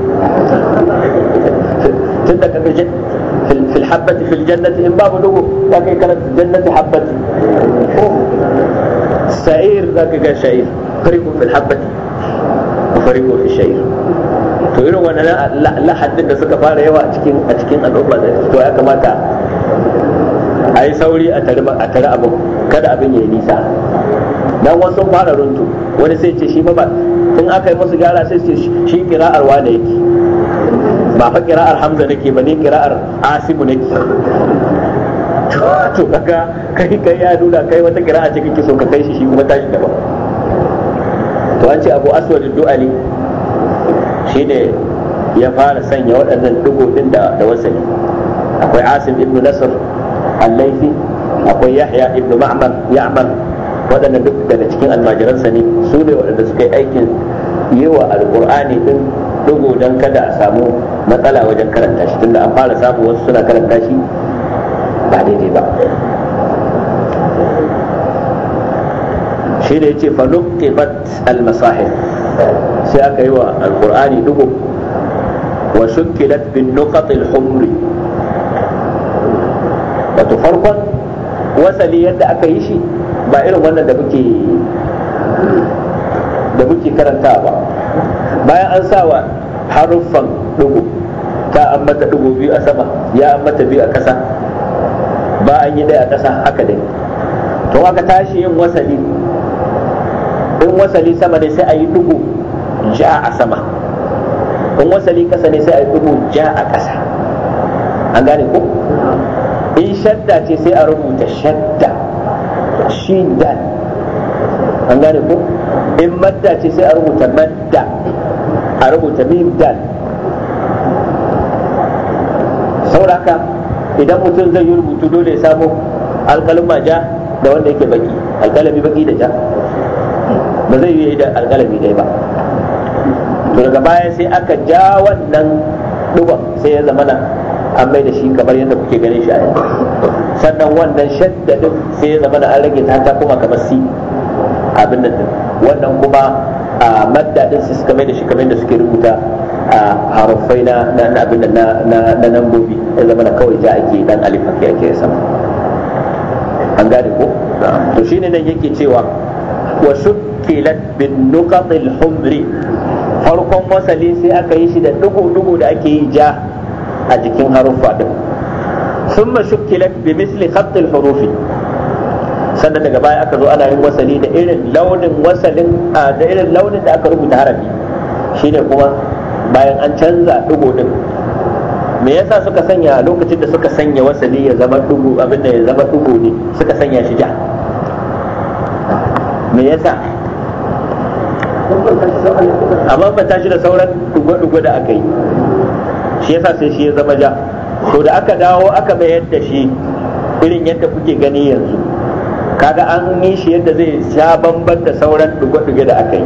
tunda kaga في الحبة في الجنة إن بابه لغو لكن كانت الجنة حبة سعير ذاك كان شعير فريق في الحبة وفريق في الشعير to irin wannan lahadin da suka fara yawa a cikin a cikin al'umma da to ya kamata a yi sauri a tare abin kada abin ya yi nisa dan wasu fara runtu wani sai ce shi ba tun aka yi musu gyara sai ce shi kira arwa da yake ba fa kira'ar hamza nake ba ne kira'ar asibu nake to kaga kai kai ya nuna kai wata kira'a ce kake so ka kai shi shi kuma tashi ba to an ce abu aswad du'ali shine ya fara sanya waɗannan dugo din da da wasali akwai asim Ibnu nasr al-laifi akwai yahya Ibnu ma'mar ya'mar waɗannan duk daga cikin almajiransa ne su ne waɗanda suka yi aikin yi wa alƙur'ani din dugo don kada a samu matsala wajen karanta shi tunda an fara samu wasu suna karanta shi ba daidai ba shi da ya ce falukibat almasahif sai aka yi wa alkur'ani dugo wa shukkilat bin nuqatil humri wato farkon wasali yadda aka yi shi ba irin wannan da da muke karanta ba bayan an sa wa haruffan dugu ta an mata dugu biyu a sama ya an mata biyu a ƙasa ba an yi ɗaya a ƙasa haka dai to aka tashi yin wasali in wasali sama ne sai a yi dugu ja a sama in wasali ƙasa ne sai a yi dugu ja a ƙasa an gane ko in shadda ce sai a rubuta shadda shiddan an gane ko in madda ce sai a rubuta madda a rubuta mim dal sauraka idan mutum zai yi rubutu dole ya samu alkalima ja da wanda yake baki alkalami baki da ja ba zai yi da alkalami dai ba to daga baya sai aka ja wannan duban sai ya zamana an mai da shi kamar yadda kuke ganin shi a yanzu sannan wannan shaddadin sai ya zamana an rage ta kuma kamar si abin da wannan kuma a madda din su suka mai da shi kamar da suke rubuta a haruffai na na abin na na nambobi ya zama na kawai ja ake dan alif ake ake sama an gane ko to shine nan yake cewa wa Shukilat bin nuqatil humri farkon wasali sai aka yi shi da dugu-dugu da ake yi ja a jikin haruffa din summa Shukilat bi misli khatil hurufi sannan daga baya aka zo ana yin wasali da irin launin wasalin da irin launin da aka rubuta harafi shine kuma bayan an canza digo din me yasa suka sanya lokacin da suka sanya wasali ya zama dugu abin da ya zama dugu ne suka sanya shi ja me yasa amma ba tashi da sauran dugo-dugo da aka yi shi yasa sai shi ya zama ja to da aka dawo aka mayar da shi irin yadda kuke gani yanzu kaga an yi shi yadda zai sha bambar da sauran duge-duge da aka yi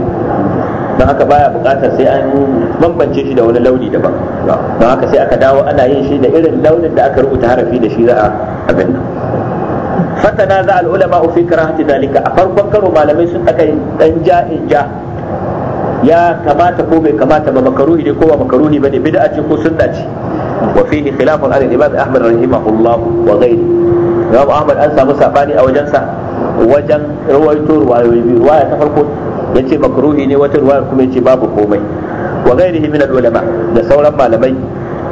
don haka baya bukatar sai an bambance shi da wani launi daban don haka sai aka dawo ana yin shi da irin launin da aka rubuta harafi da shi za a abin nan fatana za al'ulama fi karahati dalika a farkon karo malamai sun aka dan ja in ja ya kamata ko bai kamata ba makaruhi ne ko ba makaruhi bane bid'a ce ko sunna ce wa fihi khilafun al-imam Ahmad rahimahullah wa gairi imam ahmad an samu sabani a wajensa wajen ruwaito ruwayoyi biyu ruwaya ta farko yace makruhi ne wata ruwaya kuma yace babu komai wa gairihi min ulama da sauran malamai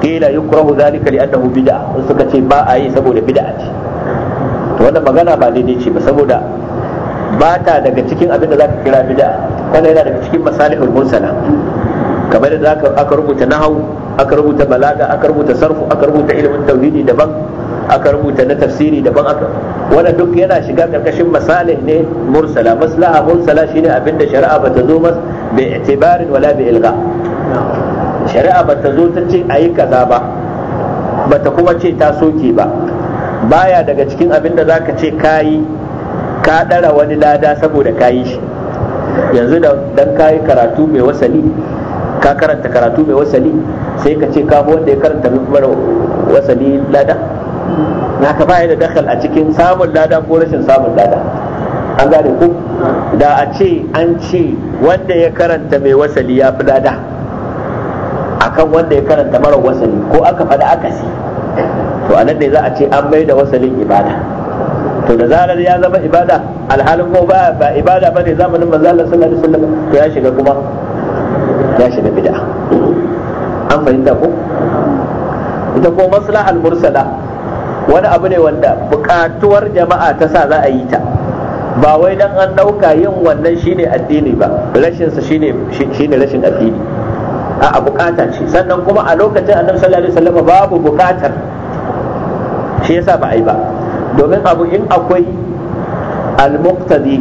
qila yukrahu zalika li annahu bid'a suka ce ba a yi saboda bid'a ce to wannan magana ba daidai ce ba saboda ba ta daga cikin abin da zaka kira bid'a Kana yana daga cikin masalihul mursala kamar da aka rubuta nahwu aka rubuta balaga aka rubuta sarfu aka rubuta ilimin tauhidi daban aka rubuta na tafsiri daban aka wanda duk yana shiga karkashin masalih ne mursala maslaha mursala shine abinda shari'a bata zo mas bi i'tibarin wala bi ilga shari'a bata zo ta ce ayi kaza ba bata kuma ce ta soke ba baya daga cikin abinda zaka ce kayi ka dara wani lada saboda kayi shi yanzu dan kayi karatu mai wasali ka karanta karatu mai wasali sai ka ce ka wanda ya karanta mai wasali lada na ka baya da dakal a cikin samun lada ko rashin samun lada an gane ku da a ce an ce wanda ya karanta mai wasali ya fi lada akan wanda ya karanta mara wasali ko aka faɗi si. to anan ne za a ce an mai da wasalin ibada to da zarar ya zama ibada alhalin ko ba ba ibada ba ne zamanin manzo Allah sallallahu alaihi wasallam to ya shiga kuma ya shiga bid'a an fahimta ko ita ko maslahal mursala wani abu ne wanda bukatuwar jama'a ta sa za a yi ta ba wai dan an dauka yin wannan shine addini ba rashinsa shine shine rashin addini a bukata ce sannan kuma a lokacin annabi sallallahu alaihi wasallam babu bukatar shi yasa ba a yi ba domin abu in akwai al-muqtadi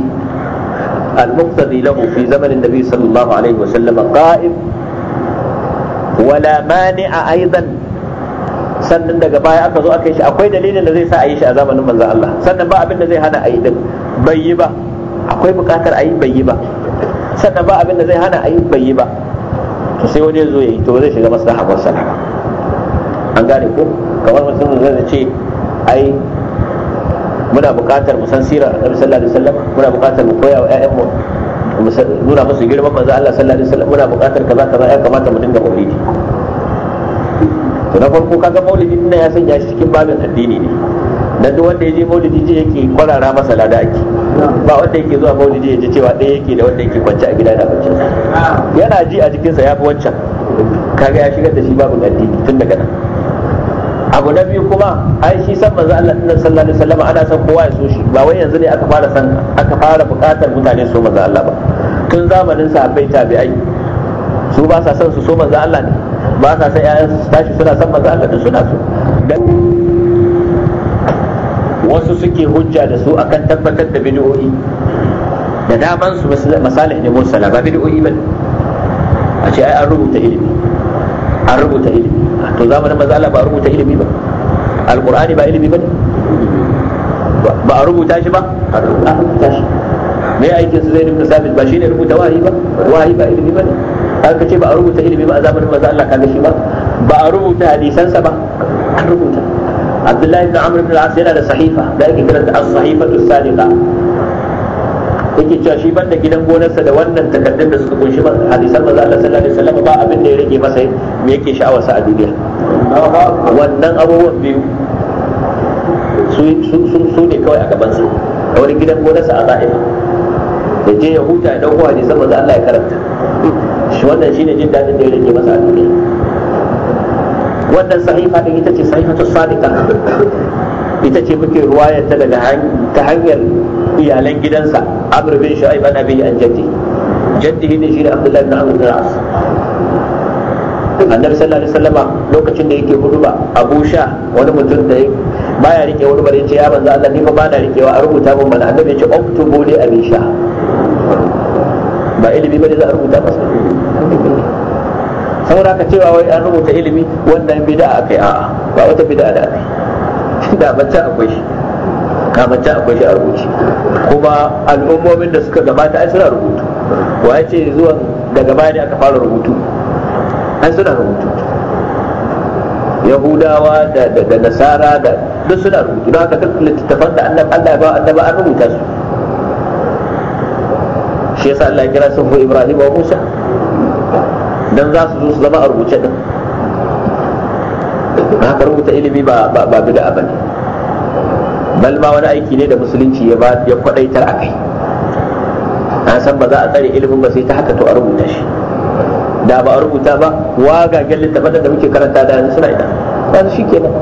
al-muqtadi lahu fi النبي صلى sallallahu alaihi wasallam qa'im ولا مانع أيضا sannan daga baya aka zo aka yi shi akwai dalilin da zai sa a yi shi a zamanin manzon Allah sannan ba abin da zai hana a yi din bai yi ba akwai buƙatar a yi bai yi ba sannan ba abin da zai hana a yi bai yi ba to sai wani zo ya yi to zai shiga maslaha ba sana an gane ko kamar mutum zai ce ai muna buƙatar mu san sirar annabi sallallahu alaihi wasallam muna buƙatar mu koya wa ƴaƴan mu nuna musu girman manzo Allah sallallahu alaihi wasallam muna buƙatar kaza kaza ya kamata mu dinga koyi to na farko kaga maulidi din ya sanya shi cikin babin addini ne Na duk wanda ya je maulidi je yake kwarara masa lada ake ba wanda yake zuwa maulidi ya ji cewa ɗaya yake da wanda yake kwance a gida da bacci yana ji a jikinsa ya fi wancan kaga ya shigar da shi babin addini tun daga nan abu na biyu kuma ai shi san manzo Allah din sallallahu alaihi wasallam ana son kowa ya so shi ba wai yanzu ne aka fara san aka fara bukatar mutane so manzo Allah ba tun zamanin sahabbai tabi'ai su ba sa son su so manzo Allah ne ba sa sai ƴaƴan tashi suna san manzo Allah duk suna so wasu suke hujja da su akan tabbatar da bid'o'i da daban su masalih ne mursala ba bid'o'i ba a ce ai an rubuta ilimi an rubuta ilimi to zamanin manzo Allah ba rubuta ilimi ba alqur'ani ba ilimi ba ba a rubuta shi ba a rubuta shi me aikin su zai rubuta sabit ba shine rubuta wahi ba wahi ba ilimi ba ne kaga ce ba a rubuta ilimi ba a zamanin maza Allah kaga shi ba ba a rubuta hadisansa ba an rubuta Abdullahi ibn Amr ibn al-As yana da sahifa da ake da as-sahifatu sadiqa yake cewa shi banda gidan gonarsa da wannan takardun da suka kunshi hadisan maza Allah sallallahu alaihi wasallam ba abin da ya rage masa me yake sha'awarsa a duniya wannan abubuwan biyu su ne kawai a gabansa a wani gidan gonarsa a zahiri da je ya huta ya dauko hadisan maza Allah ya karanta shi wannan jin daɗin da ya rage masa duniya wannan sahifa din ita ce sahifatu sadiqa ita ce muke ruwayarta daga ta hanyar iyalan gidansa amur bin shu'aib an yi an jaddi jaddihi ne shine abdullahi na amr bin as annabi sallallahu alaihi Sallama lokacin da yake huduba abu sha wani mutum da baya rike wani ya ce ya manzo Allah ni fa na rikewa a rubuta min mana annabi ya ce uktubu li abin sha ba ilimi bane za a rubuta masa saboda ka cewa wai an rubuta ilimi wannan bid'a a kai, a'a ba wata bid'a da akai da bacci akwai shi ka bacci akwai shi a rubuci kuma al'ummomin da suka gabata ai suna rubutu wa ya ce zuwan daga baya ne aka fara rubutu ai suna rubutu yahudawa da nasara da duk suna rubutu don haka duk littattafan da annabi Allah ya ba an rubuta su shi yasa Allah ya kira sun Ibrahim wa Musa dan za su zo su zama a rubuce din haka rubuta ilimi ba ba ba bid'a abin bal ma wani aiki ne da musulunci ya ba ya kwadaitar kai an san ba za a tsare ilimin ba sai ta haka to a rubuta shi da ba a rubuta ba wa ga gallin littafin da muke karanta da yanzu suna ina ba shi kenan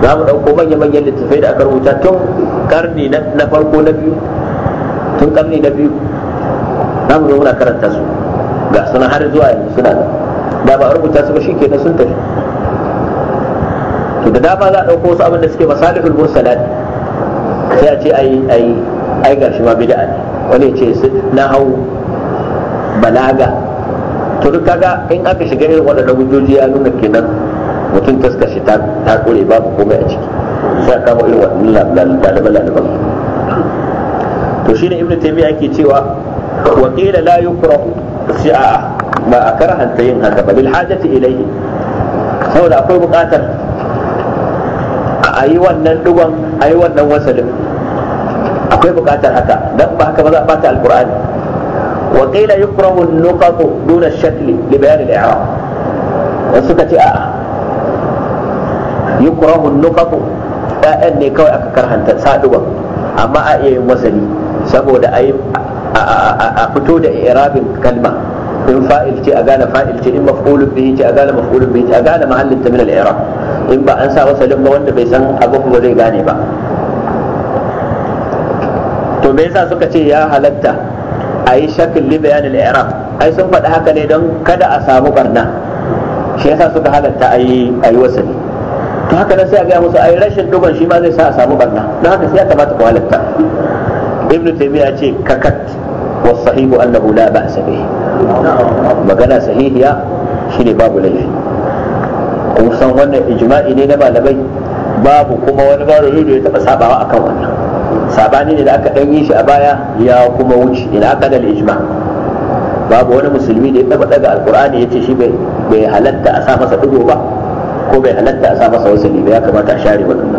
za mu ɗauko manya-manyan littattafai da aka rubuta tun karni na farko na biyu tun karni na biyu za mu zo muna karanta su ga suna har zuwa yanzu suna nan da ba a rubuta su ba shi kenan sun tafi to da dama za a ɗauko wasu abin da suke masalihul salat, sai a ce ai ai ai gashi ma bid'a ne wani ya ce na hau balaga to duk kaga in aka shiga irin waɗannan hujjoji ya nuna kenan mutum taskashi ta kore babu komai a ciki sai a kama irin waɗannan lalaban lalaban to shine ibnu taymiya yake cewa wa qila la yukrahu shi a ba a karhanta yin haka ba bil hajati ilayhi saboda akwai buƙatar a yi wannan dugon a yi wannan wasalin akwai buƙatar haka dan ba haka ba za a bata alqur'ani wa qila yukrahu an-nuqatu duna ash-shakli li bayan al-i'rab wasu suka ce a'a yukrahu an-nuqatu ɗayan ne kawai aka karhanta saduwa amma a iya yin wasali saboda a a fito da irabin kalma in fa'il ce a gane fa'il ce in maf'ulun bihi ce a gane maf'ulun bihi ce a gane mahallin ta minal irab in ba an sa wasa ba wanda bai san abin kuma zai gane ba to me yasa suka ce ya halatta a yi shakil li bayanin i'rab ai sun faɗi haka ne don kada a samu barna shi yasa suka halatta a yi a yi to haka nan sai a gaya musu a yi rashin dogon shi ma zai sa a samu barna don haka sai ya kamata ku halatta ibnu taymiya ce kakat wa sahihu annahu la ba'sa bihi magana sahihiya shine babu laifi kusan wannan ijma'i ne na malamai babu kuma wani baro da ya taba sabawa akan wannan sabani ne da aka dan yi shi a baya ya kuma wuce aka da ijma babu wani musulmi da ya taba daga alqur'ani yace shi bai halatta a sa masa dugo ba ko bai halatta a sa masa wasali ba ya kamata a share wannan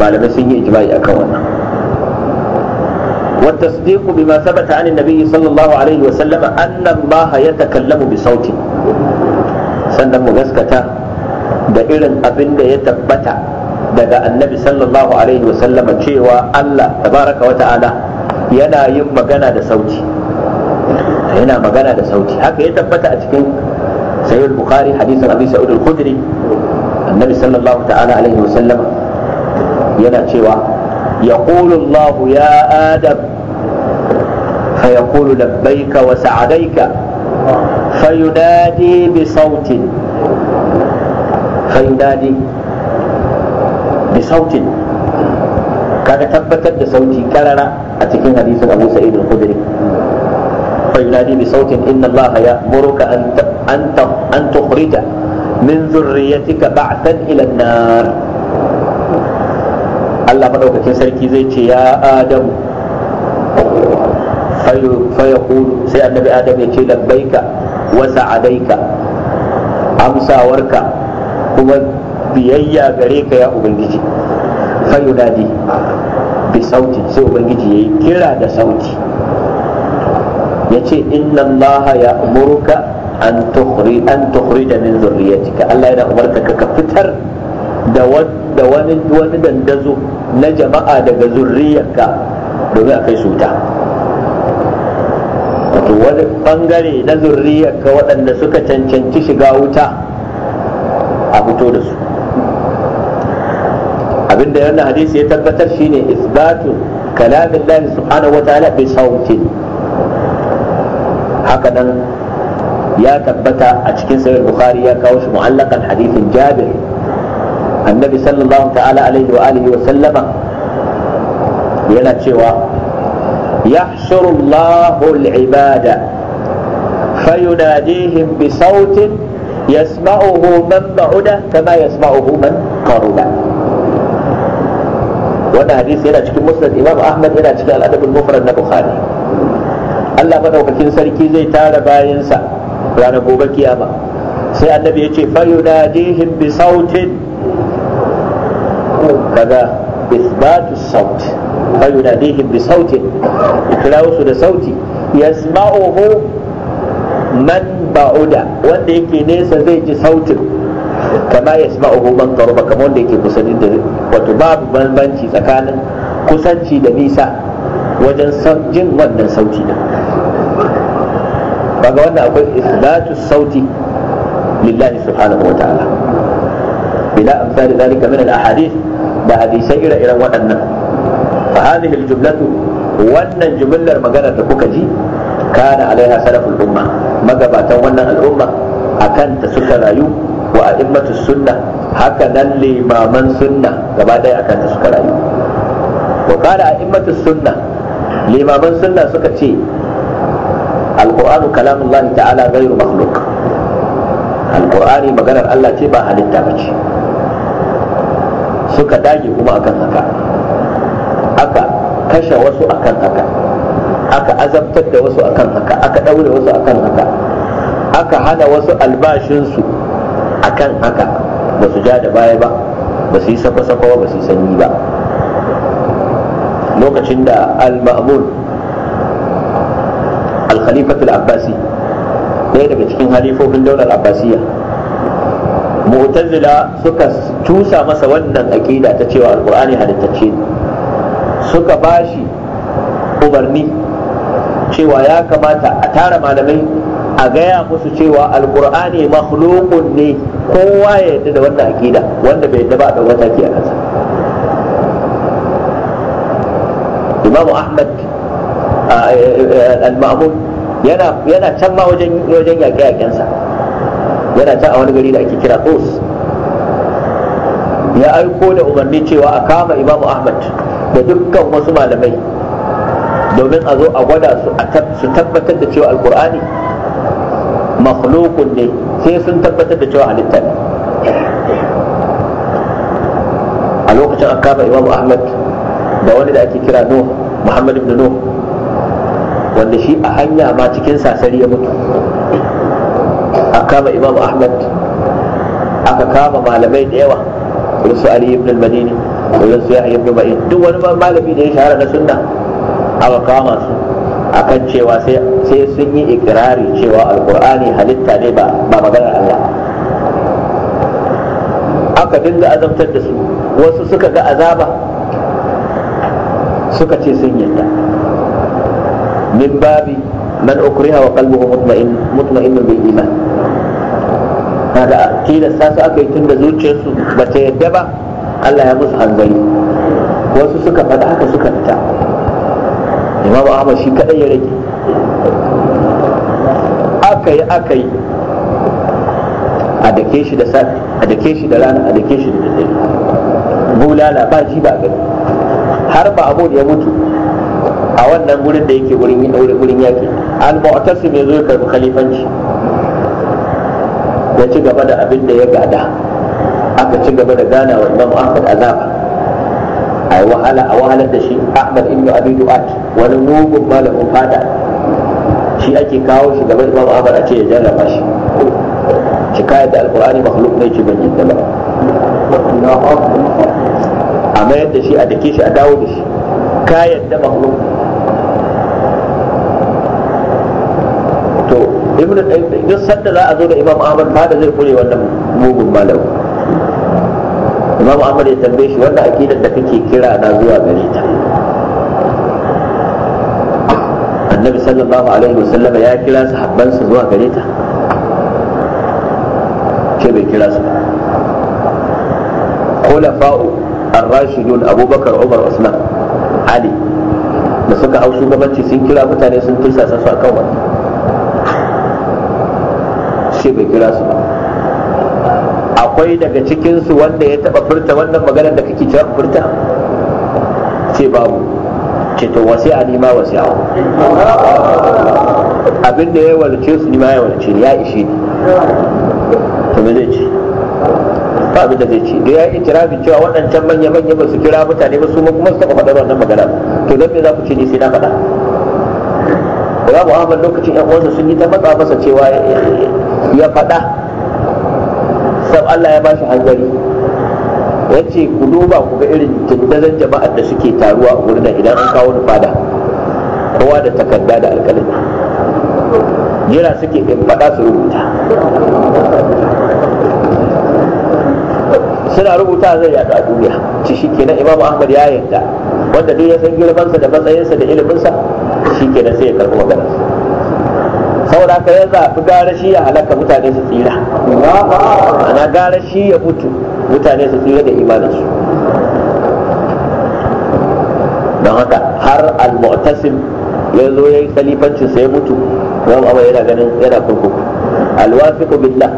malamai sun yi ijma'i akan wannan والتصديق بما ثبت عن النبي صلى الله عليه وسلم أن الله يتكلم بصوت sannan mu gaskata da irin abin da ya tabbata daga annabi sallallahu alaihi wasallama cewa Allah tabaraka yana yin magana da sauti yana magana da sauti haka ya tabbata a cikin sayyid bukhari hadisin abi sa'ud al annabi sallallahu ta'ala yana cewa يقول الله يا آدم فيقول لبيك وسعديك فينادي بصوت فينادي بصوت كان تبتت بصوتي كرر أتكين حديث أبو سعيد الخدري فينادي بصوت إن الله يأمرك أن أن تخرج من ذريتك بعثا إلى النار Allah madaukakin sarki zai ce ya adamu fayaqulu sai annabi adam ya ce labbaika wa sa'adaika amsawarka kuma biyayya gare ka ya ubangiji fayunadi bi sauti sai ubangiji yayi kira da sauti yace inna ya umuruka an tukhri an da min zurriyyatika Allah yana umurka ka fitar da wani wani dandazo na jama'a daga zurriyarka domin a kai su ta wani bangare na zurriyarka waɗanda suka cancanci shiga wuta a fito da su abinda yana hadisi ya tabbatar shine isbatu kalamin lahi subhanahu wa ta'ala bi sautin haka nan ya tabbata a cikin sahih bukhari ya kawo shi mu'allaqan hadithin jabir annabi sallallahu ta'ala alaihi wa alihi wa sallama yana cewa يحشر الله العباد فيناديهم بصوت يسمعه من بعد كما يسمعه من قرب wannan hadisi yana cikin musnad imam ahmad yana cikin al'adabul mufrad na bukhari Allah madaukakin sarki zai tara bayansa ranar gobe kiyama sai annabi ya ce fa yunadihim bi sautin kaga isbatu saut fa yunadihim bi sautin ikirawo su da sauti yasma'uhu man ba'uda wanda yake nesa zai ji sautin kama yasma'uhu man qaruba kamar wanda yake kusanci da wato babu banbanci tsakanin kusanci da nisa wajen jin wannan sauti din kaga wannan akwai isbatu sauti lillahi subhanahu wa ta'ala bila amsali zalika min al ahadith da hadisai ire-iren waɗannan fa hadhihi al-jumlatu wannan jumlar magana da kuka ji kana alaiha salaful umma magabatan wannan al'umma akan ta suka rayu wa a'immatu sunna haka nan limaman sunna gaba ɗaya akan ta suka rayu wa kana a'immatu sunna limaman sunna suka ce القرآن كلام الله تعالى غير مخلوق القرآن مقرر الله تبا هل التابج suka dage kuma akan haka aka kashe wasu akan haka aka azabtar da wasu akan haka aka daure wasu akan haka aka hana wasu albashinsu akan haka ba su ja da baya ba ba su yi sakwa-sakwa ba su yi sanyi ba lokacin da al-ma'mun al-khalifatul abbasi ɗaya daga cikin halifofin daular abbasiyya mu'tazila suka cusa masa wannan aƙida ta cewa alkur'ani halittacce ne suka bashi umarni cewa ya kamata a tara malamai a gaya musu cewa alƙur'ani makhluqun ne kowa ya yadda da wannan aƙida wanda bai yadda ba da wata a kansa imamu ahmad al-ma'mun yana can ma wajen yaƙe-yaƙensa yana can a wani gari da ake kira tos ya aiko da umarni cewa a kama imamu ahmad da dukkan wasu malamai domin a zo a gwada su tabbatar da cewa alkur'ani makhlukun ne sai sun tabbatar da cewa halitta ne a lokacin an kama imamu ahmad da wani da ake kira nuh muhammad ibn nuh wanda shi a hanya ma cikin sasari ya mutu a kama imamu ahmad aka kama malamai da yawa irin su ali ibn al-madini irin su yahya ibn ma'in duk wani malami da ya shahara na sunna aka kama su akan cewa sai sun yi ikirari cewa alkur'ani halitta ne ba maganar Allah aka dinga azabtar da su wasu suka ga azaba suka ce sun yadda min babi man ukriha wa qalbuhu mutma'in mutma'innun bil iman kada tilasta su aka yi tun da zuciyarsu ba ta yadda ba Allah ya musu hanzari wasu suka faɗa haka suka fita imam ahmad shi kaɗai ya rage aka yi aka yi a dake shi da sati shi da rana a dake shi da dare bulala ba ji ba gani har ba abu ya mutu a wannan gurin da yake gurin yaki al-mu'tasim ya zo ya karbi khalifanci ya ci gaba da abin da ya gada aka ci gaba da gana wa imam ahmad azaba a wahala a wahalar da shi ahmad ibn abi du'at wani mugun malamin fada shi ake kawo shi gaban imam ahmad a ce ya jarraba shi shikayar da alkur'ani makhluk ne ce ban yadda ba a mayar da shi a dake shi a dawo da shi ka yadda makhluk ibnu qayyim duk sanda za a zo da imam ahmad da zai kure wannan mugun malam imam ahmad ya tambaye shi wanda akidar da kake kira na zuwa gare ta annabi sallallahu alaihi wasallam ya kira sahabban su zuwa gare ta ke bai kira su khulafa'u ar-rashidun abubakar umar usman ali da suka hau shugabanci sun kira mutane sun tursasa su kan wannan ce bai kira su ba akwai daga cikinsu wanda ya taba furta wannan maganar da kake cewa furta ce babu ce to wasi a nima wasi a abin da ya walce su nima ya walce ya ishe ni to me zai ce ba abin da zai ce da ya yi kirafi cewa waɗancan manya manya ba su kira mutane ba su kuma su taɓa faɗa wannan magana to don me za ku ce ni sai na faɗa mu Ahmad lokacin ‘yan uwansa sun yi ta matsa masa cewa ya faɗa sab Allah ya bashi hanzari yace ku duba ku ga irin dandazon jama'ar da suke taruwa a gurin idan an kawo ni fada kowa da takarda da alƙalin jira suke in faɗa su rubuta suna rubuta zai yaɗu a duniya ci shi kenan imamu ahmad ya yarda wanda duk ya san girmansa da matsayinsa da iliminsa shi kenan sai ya karɓi maganarsa saboda ka ya zaɓi gara shi ya halaka mutane su tsira ana gara shi ya mutu mutane su tsira da imaninsu don haka har al-mu'tasim ya zo ya yi kalifancin sai mutu don abu yana ganin yana kurkuku alwafiqu billah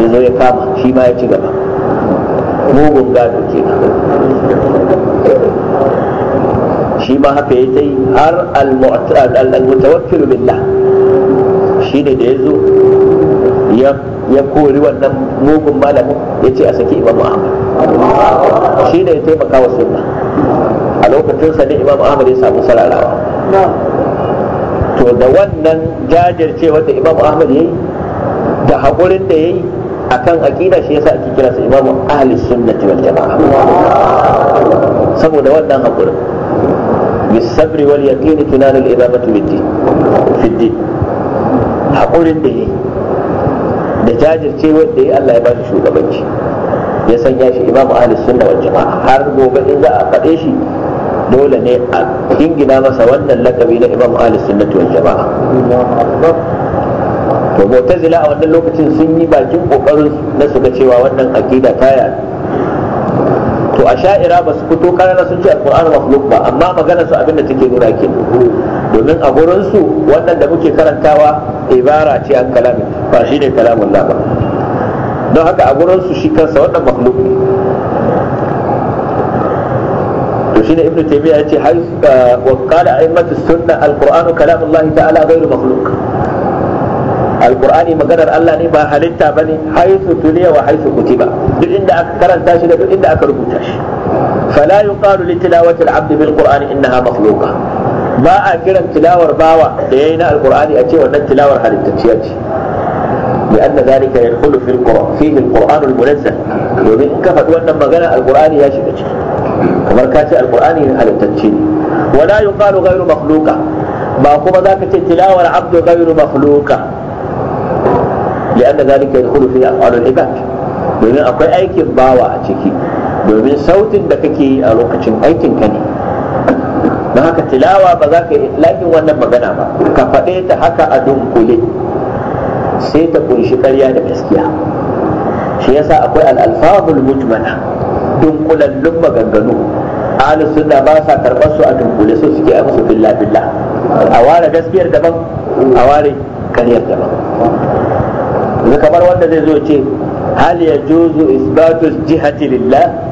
ya zo ya kama shi ma ya ci gaba mugun gado ke shi ma haka ya yi har al-mutawakkilu billah shi ne da ya zo ya kori wannan mugun malamin ya ce a saki imam ahmad shi ne ya taimaka wa sunna a lokacin sa ne imamu ahmad ya samu sararawa to da wannan jajircewar da imam ahmad ya yi da haƙurin da ya yi a kan aƙida shi yasa ake kira su imamu ahalis sunnati wal jama'a saboda wannan haƙurin bisabri wal yaqini tunanin al imamatu bid haƙurin da ya yi da jajirce da ya Allah ya ba shi shugabanci ya sanya shi imamu ahli sunna wal jama'a har gobe in za a faɗe shi dole ne a ingina masa wannan lakabi na imamu ahli sunnati wal jama'a to mu'tazila a wannan lokacin sun yi bakin kokarin na su ga cewa wannan aqida ta ya to a sha'ira ba su fito karara sun ce alquran makhluk ba amma magana su abinda take nuna ke domin a gurinsu waɗanda muke karantawa ibara ce an kalamin ba shi ne kalamun ba don haka a gurinsu shi kansa wannan makhluk ne to shine ibnu taymiya yace hay ah, wa qala a'immatu sunna al-qur'an kalamullah ta'ala ghayru makhluq alqur'ani maganar Allah ne ba halitta bane haythu tuliya wa haythu kutiba duk inda aka karanta shi da duk inda aka rubuta shi fala yuqalu li tilawati al-'abd bil-qur'ani innaha makhluqa ba a kiran tilawar bawa da yayi na alqur'ani a ce wannan tilawar halittacciya ce لأن ذلك يدخل في القرآن فيه القرآن المنزل domin in ka faɗi wannan magana alqur'ani ya shiga ciki kamar ka ce alqur'ani halittacce ne wala yuqalu ghayru makhluqa ba kuma zaka ce tilawar abdu ghayru makhluqa لأن ذلك يدخل فيه أفعال العباد domin akwai aikin bawa a ciki domin sautin da kake yi a lokacin aikin ka ne don haka tilawa ba za ka yi lakin wannan magana ba ka faɗe ta haka a dunkule sai ta kunshi ƙarya da gaskiya shi yasa akwai al'alfahul mujmala dunkulallun maganganu ahlus sunna ba sa karɓar su a dunkule su suke a musu billa billa a ware gaskiyar daban a ware ƙaryar daban yanzu kamar wanda zai zo ce hal juzu isbatus jihati lillah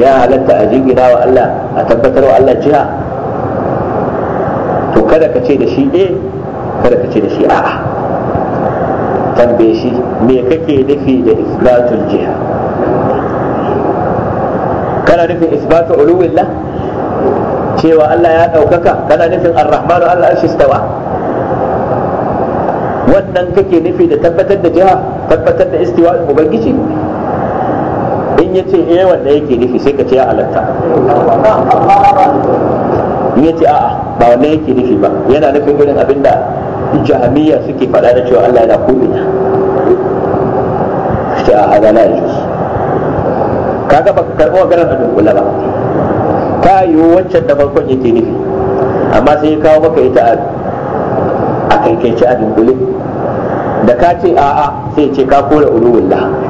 ya halatta a jingina wa Allah a tabbatar wa Allah jiha to kada ka ce da shi A, kada ka ce da shi a'a tambaye shi me kake nufi da isbatul jiha kana nufin isbatu uluwillah cewa Allah ya ɗaukaka kana nufin ar-rahmanu Allah shi stawa wannan kake nufi da tabbatar da jiha tabbatar da istiwa ubangiji in ya ce eh wanda yake nufi sai ka ce ya halatta in ya ce a'a ba wanda yake nufi ba yana nufin irin abinda da jahamiya suke faɗa da cewa Allah yana ko'ina ce a haza ya yanzu kaga ka karɓi maganar a dunkula ba ta yi waccan da farkon yake nufi amma sai ya kawo maka ita a kankanci a dunkule da ka ce a'a sai ce ka kore uluwullah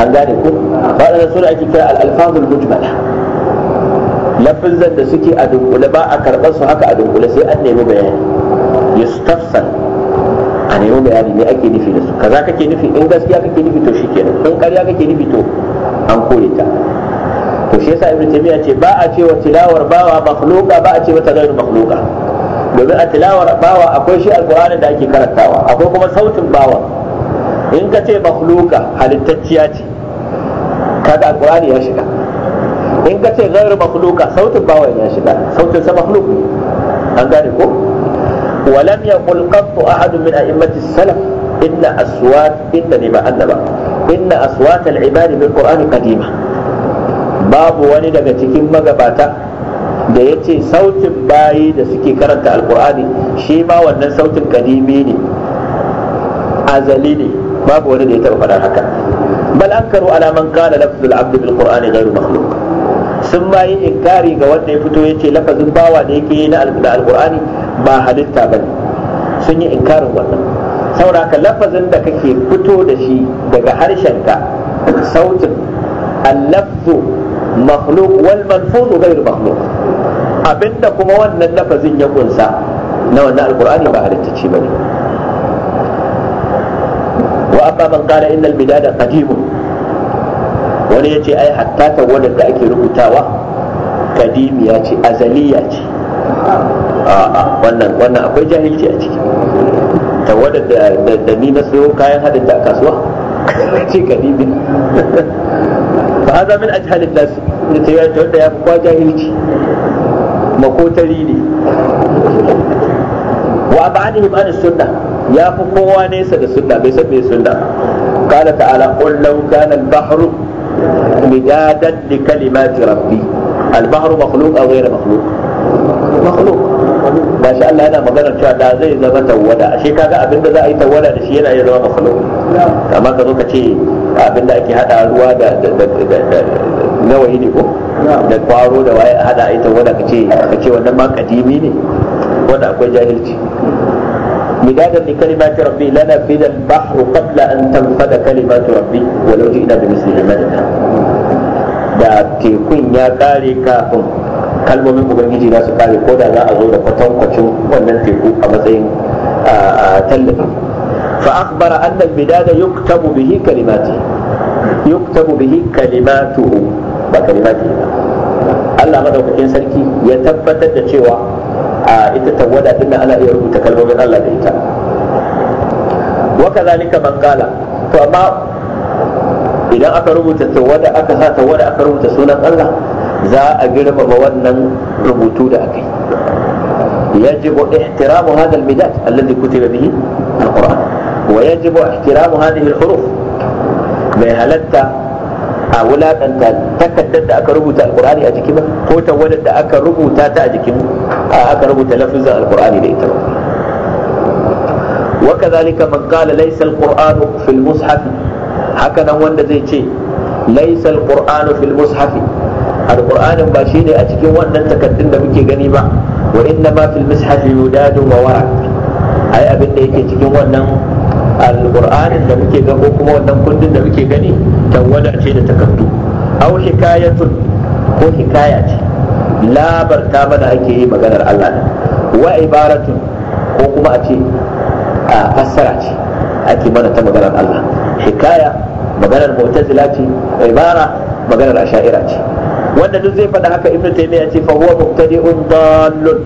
an gane ko waɗanda suna ake kira al-alfazul mujmala lafizan da suke a dunkule ba a karɓar su haka a dunkule sai an nemi bayani yustafsal a nemi bayani ne ake nufi da su kaza kake nufi in gaskiya kake nufi to shikenan in ƙarya kake nufi to an kore ta to shi yasa ibnu taymiya ce ba a cewa tilawar bawa makhluqa ba a ce mata ghairu makhluqa domin a tilawar bawa akwai shi alqur'ani da ake karantawa akwai kuma sautin bawa in ka ce makhluqa halittacciya ce kaga alqur'ani ya shiga in ka ce ghairu makhluqa sautin bawan ya shiga sautin sa makhluq an gane ko ولم يقل قط أحد من أئمة السلف إن أصوات إنني ما أنبأ إن أصوات العباد بالقرآن قديمة babu wani daga cikin magabata da ya ce sautin bayi da suke karanta alkur'ani shi ma wannan sautin kadimi ne azali ne babu wani da ya taɓa faɗar haka bal ankaru ala man qala lafzul abd bil qur'ani ghayru makhluq sun ma yi inkari ga wanda ya fito ya ce lafazin bawa da yake na alqur'ani ba halitta bane sun yi inkarin wannan saboda ka lafazin da kake fito da shi daga harshenka sautin allafzu makhluq wal manfudu ghayru makhluq abinda kuma wannan lafazin ya kunsa na wannan alqur'ani ba halitta ce bane wa amma man kana innal bidada qadimun wani ya ce ai hatta tawadar da ake rubutawa kadimiya ce azaliya ce a'a wannan wannan akwai jahilci a ciki ta da da ni na sayo kayan hadin da kasuwa ce kadimi fa hada min ajhalin nas da ta yi wanda ya fi kwa jahilci makotari ne wa ba'adihim an sunna ya fi kowa nesa da sunna bai san mai sunna qala ta'ala qul law kana al-bahru midadan li kalimati rabbi al-bahru makhluq aw ghayr makhluq makhluq ba shi Allah yana magana cewa da zai zama tawwada ashe kaga abinda za a yi tawwada da shi yana iya zama makhluq amma ka zo ka ce abinda ake hada ruwa da nawayi ne ko da kwaro da waye a hada a yi tawwada ka ce wannan ma kadimi ne wanda akwai jahilci مدادا لكلمات ربي لنفذ البحر قبل أن تنفذ كلمات ربي ولو جئنا بمثله مددا da tekun ya kare kafin kalmomin ubangiji na su kare ko da za a zo da kwatankwacin wannan teku a matsayin tallafi fa akhbara anna al-bidada yuktabu bihi kalimati yuktabu bihi kalimatuhu ba kalimati Allah madaukakin sarki ya tabbatar da cewa a ita tawada din ana iya rubuta kalmomin Allah da ita wa kazalika man qala to amma idan aka rubuta tawada aka sa tawada aka rubuta sunan Allah za a girmama wannan rubutu da aka yi yajibu ihtiramu hadha al-midad alladhi kutiba bihi al-Qur'an ويجب احترام al الحروف mai halatta a wulaƙanta takardar da aka rubuta alkurani a jiki ba ko tawadar da aka rubuta ta a jikin a aka rubuta lafizan alkur'ani da ita waka zalika man kala laisal qur'anu fil mushaf haka nan wanda zai ce laisal qur'anu fil mushaf alqur'anin ba shi ne a cikin wannan takaddun da muke gani ba wa inna ma fil mushaf yudadu wa warak ai abin da yake cikin wannan alqur'anin da muke ga ko kuma wannan kundin da muke gani tawada ce da takaddu aw hikayatun ko hikaya ce labarta mana ake yi maganar Allah wa ibaratun ko kuma a ce a fassara ce ake mana ta maganar Allah hikaya maganar mu'tazila ce ibara maganar asha'ira ce wanda duk zai faɗa haka ibnu taymiya ce fa huwa mubtadi'un dallun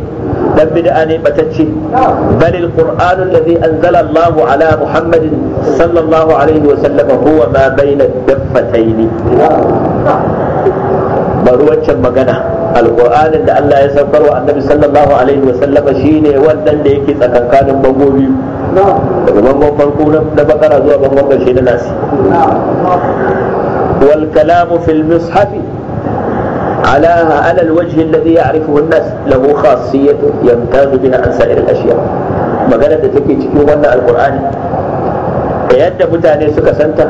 dan bid'a ne batacce bal alquran alladhi anzala Allah ala Muhammad sallallahu alaihi wa sallam huwa ma bayna daffatayn bari waccan magana alqur'anin da Allah ya saukar wa annabi sallallahu alaihi wasallama shine wannan da yake tsakankanin bango biyu daga bangon farko na bakara zuwa bangon ƙarshe na nasi wal kalamu fil mishafi على على الوجه الذي يعرفه الناس له خاصية يمتاز بها عن سائر الأشياء maganar da take cikin wannan alkur'ani da yadda mutane suka santa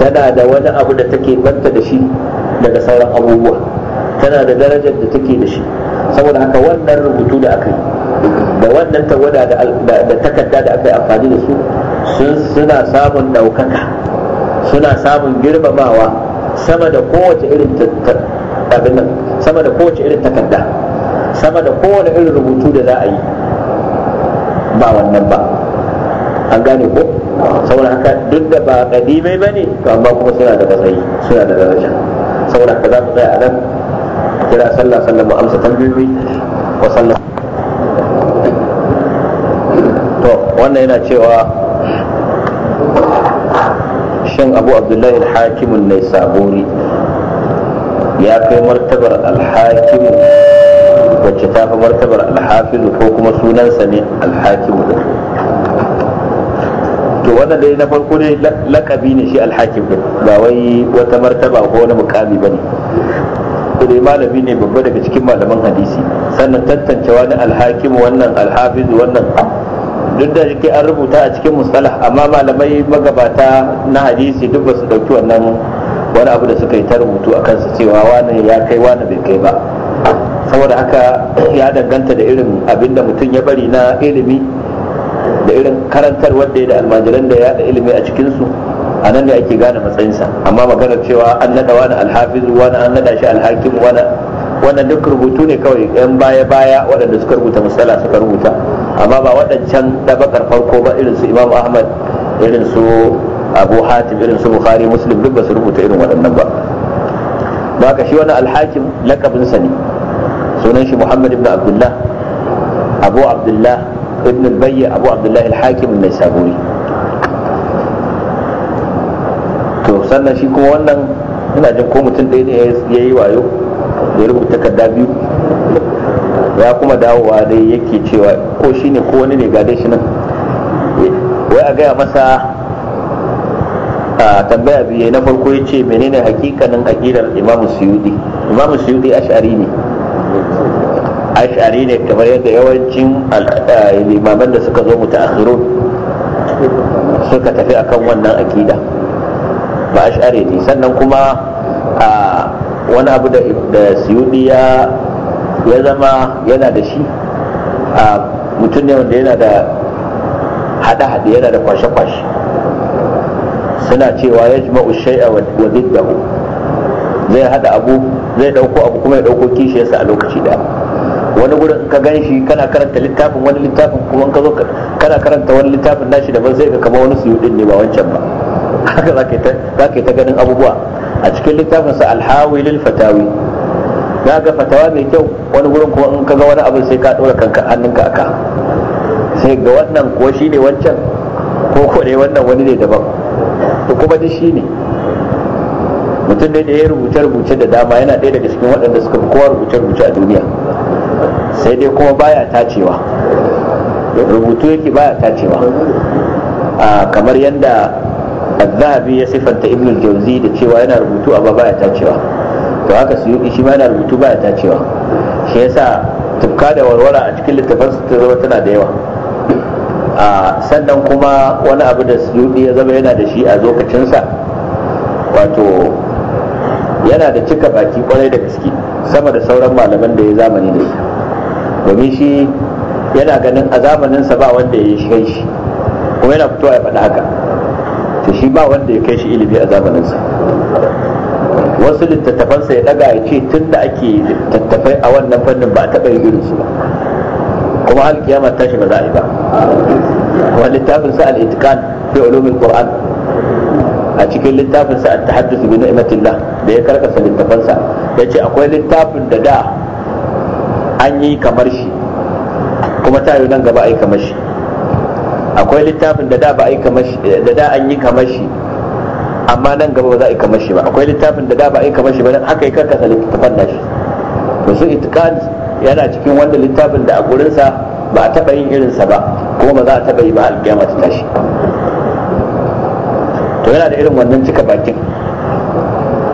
tana da wani abu da take banta da shi daga sauran abubuwa tana da darajar da take da shi saboda haka wannan rubutu da aka yi da wannan tawada da takarda da aka yi amfani da su suna samun daukaka suna samun girmamawa sama da kowace irin abin sama da kowace irin takarda sama da kowane irin rubutu da za a yi ba wannan ba an gane ko saboda haka duk da ba kadimai ba ne to amma kuma suna da matsayi suna da daraja saboda haka za mu tsaya a nan kira sallah sallah mu amsa tambayoyi wa sallah to wannan yana cewa shin abu abdullahi alhakimun ne sabori ya kai martabar alhakimu wacce ta fi martabar alhafizu ko kuma sunansa ne alhakimu din to wannan dai na farko ne lakabi ne shi alhakim din ba wai wata martaba ko wani mukami ba ne da malami ne babba daga cikin malaman hadisi sannan tantancewa na alhakim wannan alhafiz wannan duk da yake an rubuta a cikin musalah amma malamai magabata na hadisi duk basu su dauki wannan wani abu da suka yi ta rubutu a kansa cewa wani ya kai wani bai kai ba saboda haka ya danganta da irin abin da mutum ya bari na ilimi da irin karantar wanda ya da almajiran da ya da ilimi a cikinsu a ne ake gane matsayin sa amma maganar cewa an nada wani alhafizu wani an nada shi alhakim wani wannan duk rubutu ne kawai yan baya baya waɗanda suka rubuta matsala suka rubuta amma ba waɗancan ɗabakar farko ba irin su imam ahmad irin su abu hatim irin su bukhari muslim duk ba su rubuta irin waɗannan ba ba ka shi wani alhakim lakabinsa ne sunan shi muhammad ibn abdullah abu abdullah ibn bayya abu abdullah alhakim mai saburi to sannan shi kuma wannan ina jin ko mutum ɗaya ne ya yi wayo ya rubuta takarda biyu ya kuma dawowa dai yake cewa ko shi ne ko wani ne gade shi nan wai a gaya masa a tambaya biyu na farko ya ce menene hakikanin aƙidar imamu suyudi imamu suyudi ash'ari ne ash'ari ne kamar yadda yawancin limaman da suka zo mutaakhirun suka tafi akan wannan aƙida ba share ne sannan kuma a wani abu da siyudi ya ya zama yana da shi a mutum ne wanda yana da hada-hada yana da kwashe-kwashe suna cewa ya ma'ushai shai'a wa da zai hada abu zai dauko abu kuma ya dauko kishiyarsa a lokaci daya wani gurin ka gan shi kana karanta littafin wani littafin kuma ka zo kana karanta wani littafin nashi daban zai ga kama wani suyudin ne ba wancan ba haka za ka ta ganin abubuwa a cikin littafinsa alhawilil fatawi na ga fatawa mai kyau wani gurin kuma in ka ga wani abu sai ka ɗora kanka hannunka aka sai ga wannan ko shi ne wancan ko ko ne wannan wani ne daban to kuma duk shi ne mutum ne da ya rubuce rubuce da dama yana ɗaya daga cikin waɗanda suka fi kowa rubuce rubuce a duniya sai dai kuma baya tacewa rubutu yake baya tacewa kamar yadda الذهبي ya sifanta الجوزي al-jawzi da cewa yana rubutu amma baya tacewa to haka suyuki shi ma yana rubutu baya tacewa shi yasa tufka da warwara a cikin littafin su ta zama tana da yawa a sannan kuma wani abu da suyuki ya zama yana da shi a lokacinsa wato yana da cika baki kwarai da gaske sama da sauran malaman da ya zamani da shi domin shi yana ganin a zamaninsa ba wanda ya yi shi kuma yana fitowa ya faɗa haka to shi ba wanda ya kai shi ilimi a zamaninsa wasu littattafansa ya daga ya ce tun da ake littattafai a wannan fannin ba a taɓa yin irinsu ba kuma alkiyama shi ba za a yi ba kuma littafin sa al-itqan fi ulumil qur'an a cikin littafin sa at-tahadduth bi ni'matillah da ya karkasa littafin sa ce akwai littafin da da an yi kamar shi kuma ta yi nan gaba a yi kamar shi akwai littafin da da ba da da an yi kamar shi amma nan gaba ba za a yi kamar shi ba akwai littafin da da ba a kamar shi ba nan aka yi karkasa littafin shi, to su itikad yana cikin wanda littafin da a gurinsa ba a taɓa yin irinsa ba kuma ba za a taɓa yi ba alƙiyama ta tashi to yana da irin wannan cika bakin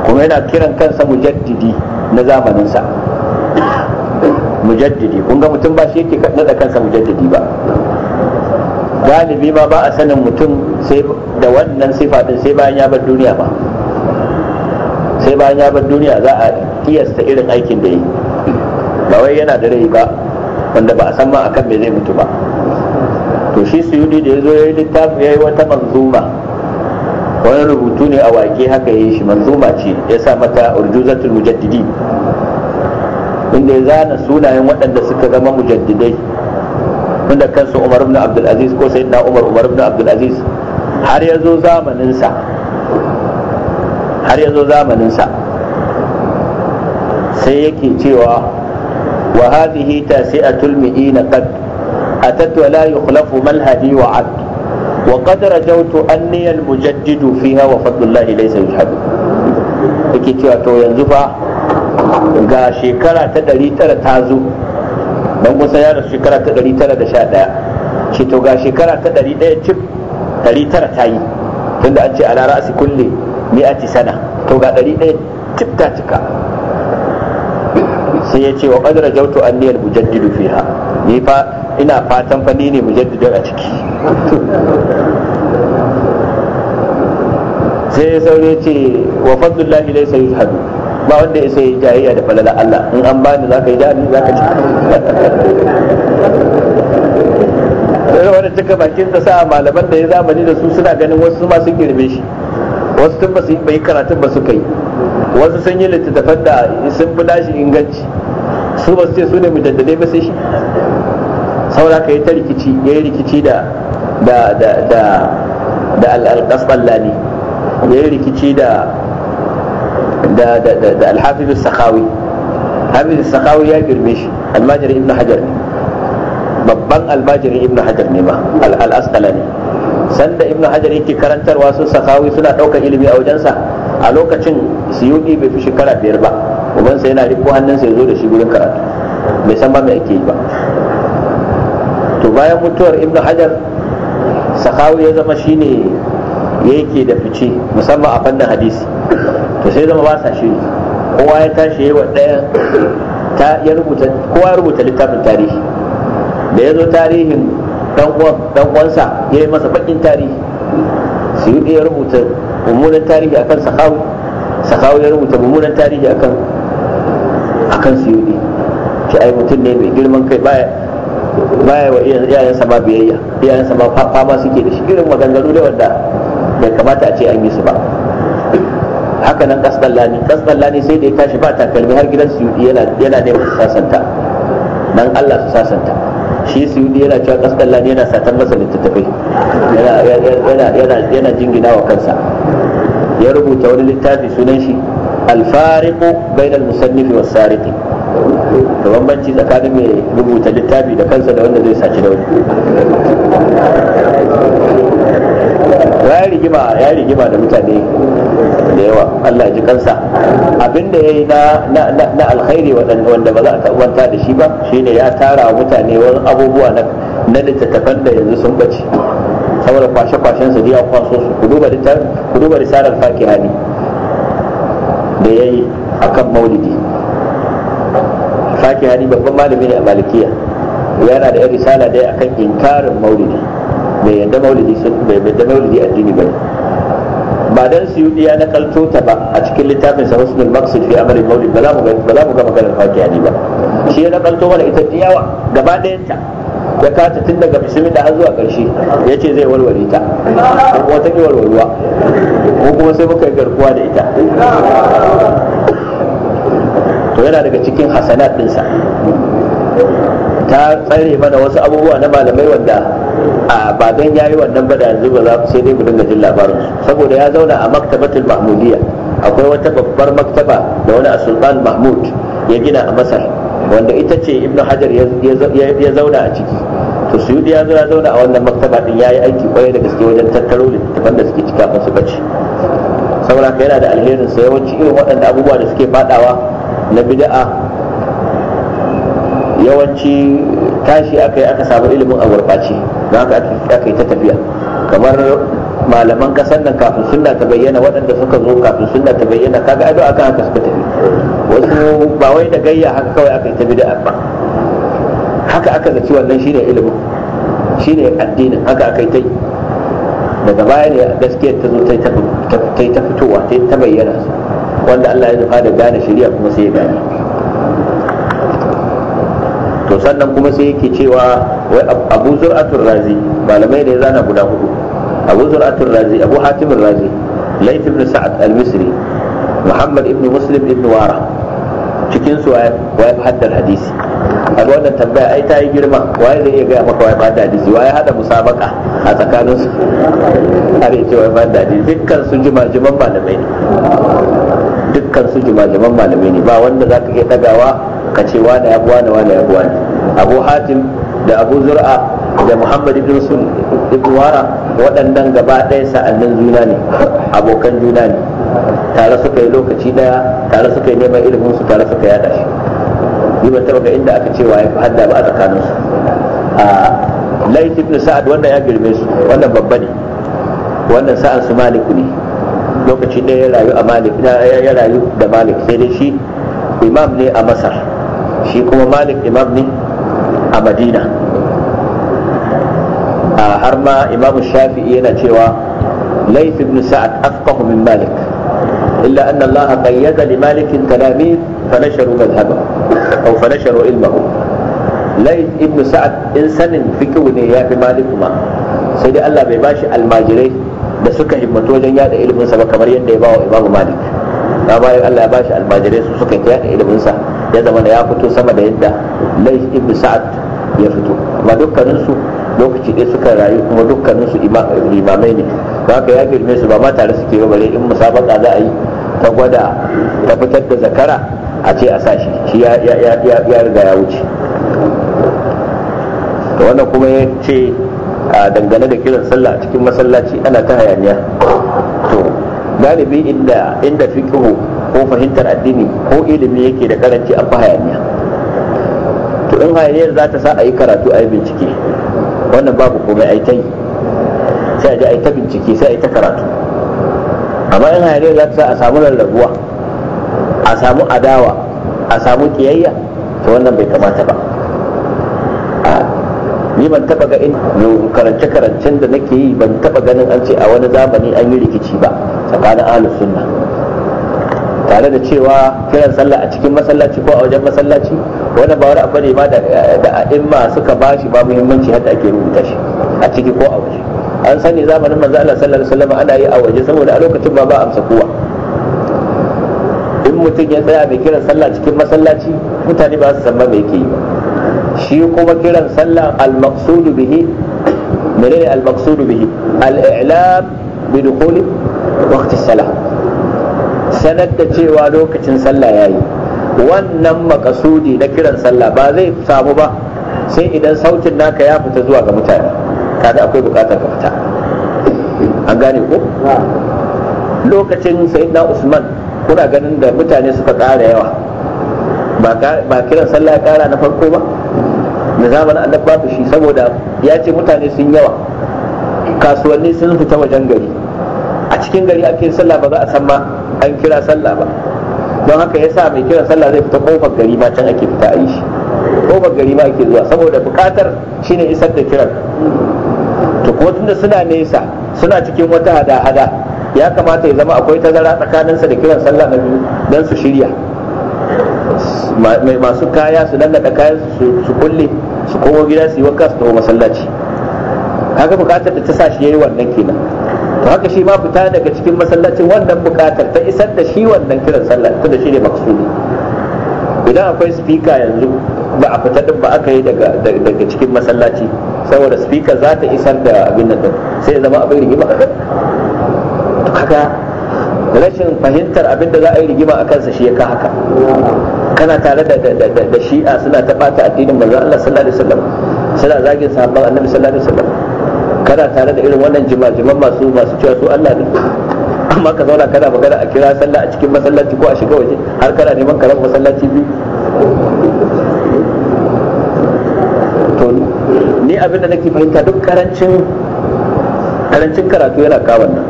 kuma yana kiran kansa mujaddidi na zamaninsa mujaddidi kun ga mutum ba shi yake naɗa kansa mujaddidi ba galibi ma ba a sanin mutum da wannan sifa din sai bayan ya bar duniya ba sai bayan ya bar duniya za a kiyasta irin aikin da yi ba wai yana da rai ba wanda ba a san ma akan me zai mutu ba to shi suyudi da ya zo ya yi littafi ya yi wata manzuma wani rubutu ne a wake haka ya yi shi manzuma ce ya sa mata urjuzatul mujaddidi inda ya zana sunayen waɗanda suka zama mujaddidai tun da kansu Umar ibn Abdul Aziz ko Sayyidina Umar Umar ibn Abdul Aziz har ya zo zamanin sa har ya zo zamanin sa sai yake cewa wa hadhihi tasi'atul mi'in qad atat wa la yukhlafu hadi wa ad wa qad rajawtu anni al-mujaddidu fiha wa fadlullahi laysa yuhadu yake cewa to yanzu fa ga shekara ta 900 ta zo don kusa ya rasu shekara ta 911 ce to ga shekara ta 100 cif 900 ta yi tunda an ce ala ra'asi kulle mi'ati sana to ga 100 cif ta cika sai ya ce wa qad rajawtu an al-mujaddidu fiha ni fa ina fatan fa ni ne mujaddidu a ciki sai ya saurace wa fadlullahi laysa yuzhadu ba wanda ya sai jayayya da falala Allah in an bani zaka yi dani zaka ci sai wanda cika bakin ta sa malaman da ya zamani da su suna ganin wasu ma sun girbe shi wasu tun ba su yi karatun ba su kai wasu sun yi littattafan da sun fi nashi inganci su ba su ce su ne mujaddadai ba sai shi saura ka yi ta rikici ya yi rikici da da da da da al'alƙas ya yi rikici da da da da al-hafiz as-sakhawi hafiz as hafiz ya girme shi almajiri ibn hajar ne babban almajiri ibn hajar ne ma al sanda ibn hajar yake karantarwa su sakhawi suna ɗaukar ilimi a wajensa a lokacin siyudi bai fi shekara biyar ba ubansa yana riko hannunsa ya zo da shi gurin karatu bai san ba mai ake yi ba to bayan mutuwar ibn hajar sakhawi ya zama shine yake da fice musamman a fannin hadisi to sai zama ba sa shiri kowa ya tashi yawa ɗaya ta ya rubuta kowa ya rubuta littafin tarihi da ya zo tarihin dan uwansa ya yi masa bakin tarihi yi ya rubuta mummunan tarihi akan sakawu sakawu ya rubuta mummunan tarihi akan akan yi shi ai mutum ne mai girman kai baya baya wa iyayensa ba biyayya iyayensa ba fama suke da shi irin maganganu da wanda bai kamata a ce an yi su ba haka nan kasdallani kasdallani sai da ya tashi ba takalmi har gidan yi yana yana neman sasanta dan Allah su sasanta shi suyudi yana cewa kasdallani yana satan masa littattafai yana yana yana jingina wa kansa ya rubuta wani littafi sunan shi al-fariqu bainal musannifi was-sariqi da bambanci tsakanin mai rubuta littafi da kansa da wanda zai saci da wani ya rigima rigima da mutane da yawa Allah ji kansa abinda ya yi na alkhairi wanda ba za a tabbanta da shi ba shine ya tara wa mutane wani abubuwa na littattafan da yanzu sun bace saboda kwashe-kwashen su ya kwaso su ku duba risalar fakihani da ya yi akan maulidi al hari babban malami ne a malikiya yana da yar risala dai akan inkarin maulidi mai yadda maulidi sun mai yadda maulidi addini bane ba dan suyudi ya nakalto ta ba a cikin littafin sa husnul maqsid fi amri maulid ba za mu ga ba za mu ga maganar ba shi ya nakalto mana ita diyawa gaba ɗayanta ya kata tun daga da har zuwa ƙarshe ya ce zai warware ta kuma ta ki warwarwa ko kuma sai muka yi garkuwa da ita to yana daga cikin hasanat sa ta tsare mana wasu abubuwa na malamai wanda a ba ya yi wannan ba da yanzu ba za sai dai mu dinga jin labarin saboda ya zauna a maktabatul mahmudiyya akwai wata babbar maktaba da wani sultan mahmud ya gina a masar wanda ita ce ibn hajar ya zauna a ciki to suyudi ya zura zauna a wannan maktaba din ya yi aiki kwaye da gaske wajen tattaro littattafan da suke cika masu bace saboda yana da alherin sa yawanci irin waɗanda abubuwa da suke fadawa na bida'a yawanci tashi akai aka samu ilimin a gurɓace don haka aka yi ta tafiya kamar malaman kasan nan kafin sunna ta bayyana waɗanda suka zo kafin sunna ta bayyana kaga ado akan haka suka tafi wasu ba wai da gayya haka kawai aka yi ta bida'a ba haka aka zaci wannan shine ilimin shine addinin haka aka yi ta daga baya ne gaskiyar ta zo ta yi ta fitowa ta ta bayyana wanda Allah ya nufa da gane shari'a kuma sai ya gane to sannan kuma sai yake cewa wai abu zur'atul razi malamai da ya zana guda hudu abu zur'atul razi abu hatimin razi laifin ibn sa'ad al-misri muhammad ibn muslim ibn wara cikin su waye haddar hadisi a wannan tambaya ai ta yi girma waye zai iya gaya maka waye da hadisi waye hada musabaka a tsakanin su har ya ce ba da hadisi dukkan su jima jiman malamai ne dukkan su jimajiman malamai ne ba wanda za ka iya ɗagawa ka ce wane ya wane wane ya wane abu hatim da abu zur'a da muhammad ibn sun ibn wara waɗannan gaba ɗaya sa'annin juna ne abokan juna ne tare suka yi lokaci ɗaya tare suka yi neman ilimin su tare suka yada shi ni ba taɓa ga inda aka ce wa ya fi hadda ba a tsakanin su a laifin sa'ad wannan ya girme su wannan babba ne wannan sa'ad su maliku ne lokacin da ya rayu a malik ya rayu da malik sai dai shi imam ne a masar shi kuma malik imam ne a madina har ma imam shafi'i yana cewa laif ibn sa'ad afqahu min malik illa anna allah qayyada li malik talamid fanasharu madhhabahu aw fanasharu ilmahu laif ibn sa'ad in sanin fiqh ne ya fi malik ma sai dai allah bai bashi almajirai da suka himmatu wajen yada ilimin sa ba kamar yadda ya bawa Imam Malik ba bayan Allah ya bashi almajirai su suka yada ilimin sa ya zama da ya fito sama da yadda Lais ibn Sa'ad ya fito amma dukkanin su lokaci ɗaya suka rayu kuma dukkanin su imamai ne ba ka ya girme su ba ma tare suke ba bare in musabaka za a yi ta gwada ta fitar da zakara a ce a sa shi shi ya riga ya wuce wannan kuma ya ce a dangane da kiran sallah a cikin masallaci ana ta hayaniya to galibi inda inda fiqhu ko fahimtar addini ko ilimi yake da karanci a hayaniya to in hayaniyar za ta sa a yi karatu a yi bincike wannan babu komai a yi ta yi sai a je a yi ta bincike sai a yi ta karatu amma in hayaniyar za ta sa a samu rarrabuwa a samu adawa a samu kiyayya to wannan bai kamata ba ni ban taba ga in karance karancen da nake yi ban taba ganin an ce a wani zamani an yi rikici ba tsakanin ahlus sunna tare da cewa kiran sallah a cikin masallaci ko a wajen masallaci wani ba wani abu ne ba da a'imma suka ba shi ba muhimmanci hadda ake rubuta shi a ciki ko a waje an sani zamanin manzo Allah sallallahu alaihi wasallam ana yi a waje saboda a lokacin ba ba amsa kowa in mutum ya tsaya mai kiran sallah cikin masallaci mutane ba su san ba me yake yi ba shi kuma kiran sallan al-maqsudu bihi menene al-maqsudu bihi al-i'lam bi dukhul waqti salah sanar da cewa lokacin sallah yayi wannan makasudi na kiran sallah ba zai samu ba sai idan sautin naka ya fita zuwa ga mutane kada akwai bukatar ka fita an gane ko lokacin sayyidina usman kuna ganin da mutane suka ƙara yawa ba kiran sallah ya ƙara na farko ba da an annabi babu shi saboda ya ce mutane sun yawa kasuwanni sun fita wajen gari a cikin gari ake sallah ba za a san ma an kira sallah ba don haka ya sa mai kiran sallah zai fita kofar gari ma can ake fita a yi shi kofar gari ma ake zuwa saboda bukatar shine isar da kiran to ko tunda suna nesa suna cikin wata hada-hada ya kamata ya zama akwai tazara tsakaninsa da kiran sallah na biyu don su shirya mai masu kaya su lallaka kayan su kulle su komo gida su yi wanka su tafi masallaci kaga bukatar da ta sa shi yayi wannan kenan to haka shi ma fita daga cikin masallacin wannan bukatar ta isar da shi wannan kiran sallah tunda shi ne maksudi idan akwai speaker yanzu ba a fita din ba aka yi daga daga cikin masallaci saboda speaker za ta isar da abin nan din sai zama abin rigima to kaga rashin fahimtar abin da za a yi rigima a kansa shi ya ka haka kana tare da da shi'a suna ta bata addinin manzo Allah sallallahu alaihi wasallam suna zagin sahabban annabi sallallahu alaihi wasallam kana tare da irin wannan jima-jiman masu masu cewa su Allah ne amma ka zauna kana magana a kira sallah a cikin masallaci ko a shiga waje har kana neman karan masallaci biyu to ni abin da nake fahimta duk karancin karancin karatu yana kawo nan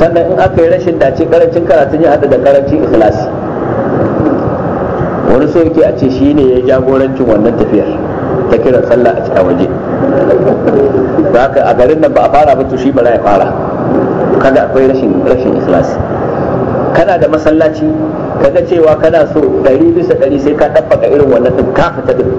sannan in aka yi rashin dace karancin karatun ya hada da karancin ikhlasi wani so a ce shi ne ya jagorancin wannan tafiyar ta kiran sallah a cikin waje ba ka a garin nan ba a fara mutu shi bara ya fara kada akwai rashin rashin ikhlasi kana da masallaci kaga cewa kana so ɗari bisa ɗari sai ka ɗabbaka irin wannan ɗin ka fita ɗin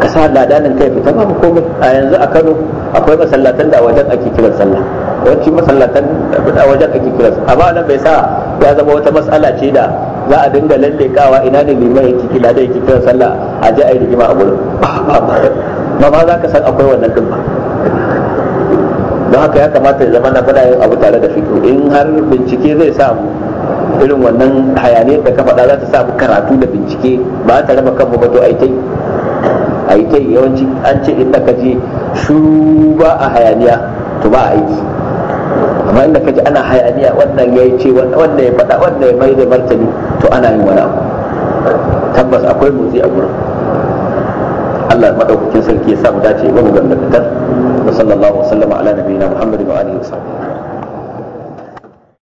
ka sa ladanin kai fita mu komai a yanzu a Kano akwai masallatan da wajen ake kiran sallah wacce masallatan da wajen ake kiran sallah amma nan bai sa ya zama wata matsala ce da za a dinga lalle kawa ina ne mai mai ciki da dai kitan sallah a ji a rigima a gurin ba ma za ka san akwai wannan din ba don haka ya kamata ya zama na faɗa yin abu tare da fito in har bincike zai samu irin wannan hayaniyar da ka faɗa za ta samu karatu da bincike ba ta raba kanmu ba to ai ta ai ta yawanci an ce inda ka je shuru ba a hayaniya to ba a aiki amma inda kaji ana hayaniya wannan ya ce wannan ya faɗa wannan ya maida da martani to ana yin wani abu tabbas akwai motsi a gurin Allah madaukakin sarki ya samu dace ba mu gambatar wa sallallahu alaihi wa sallama ala nabiyina Muhammadin wa alihi wa sahbihi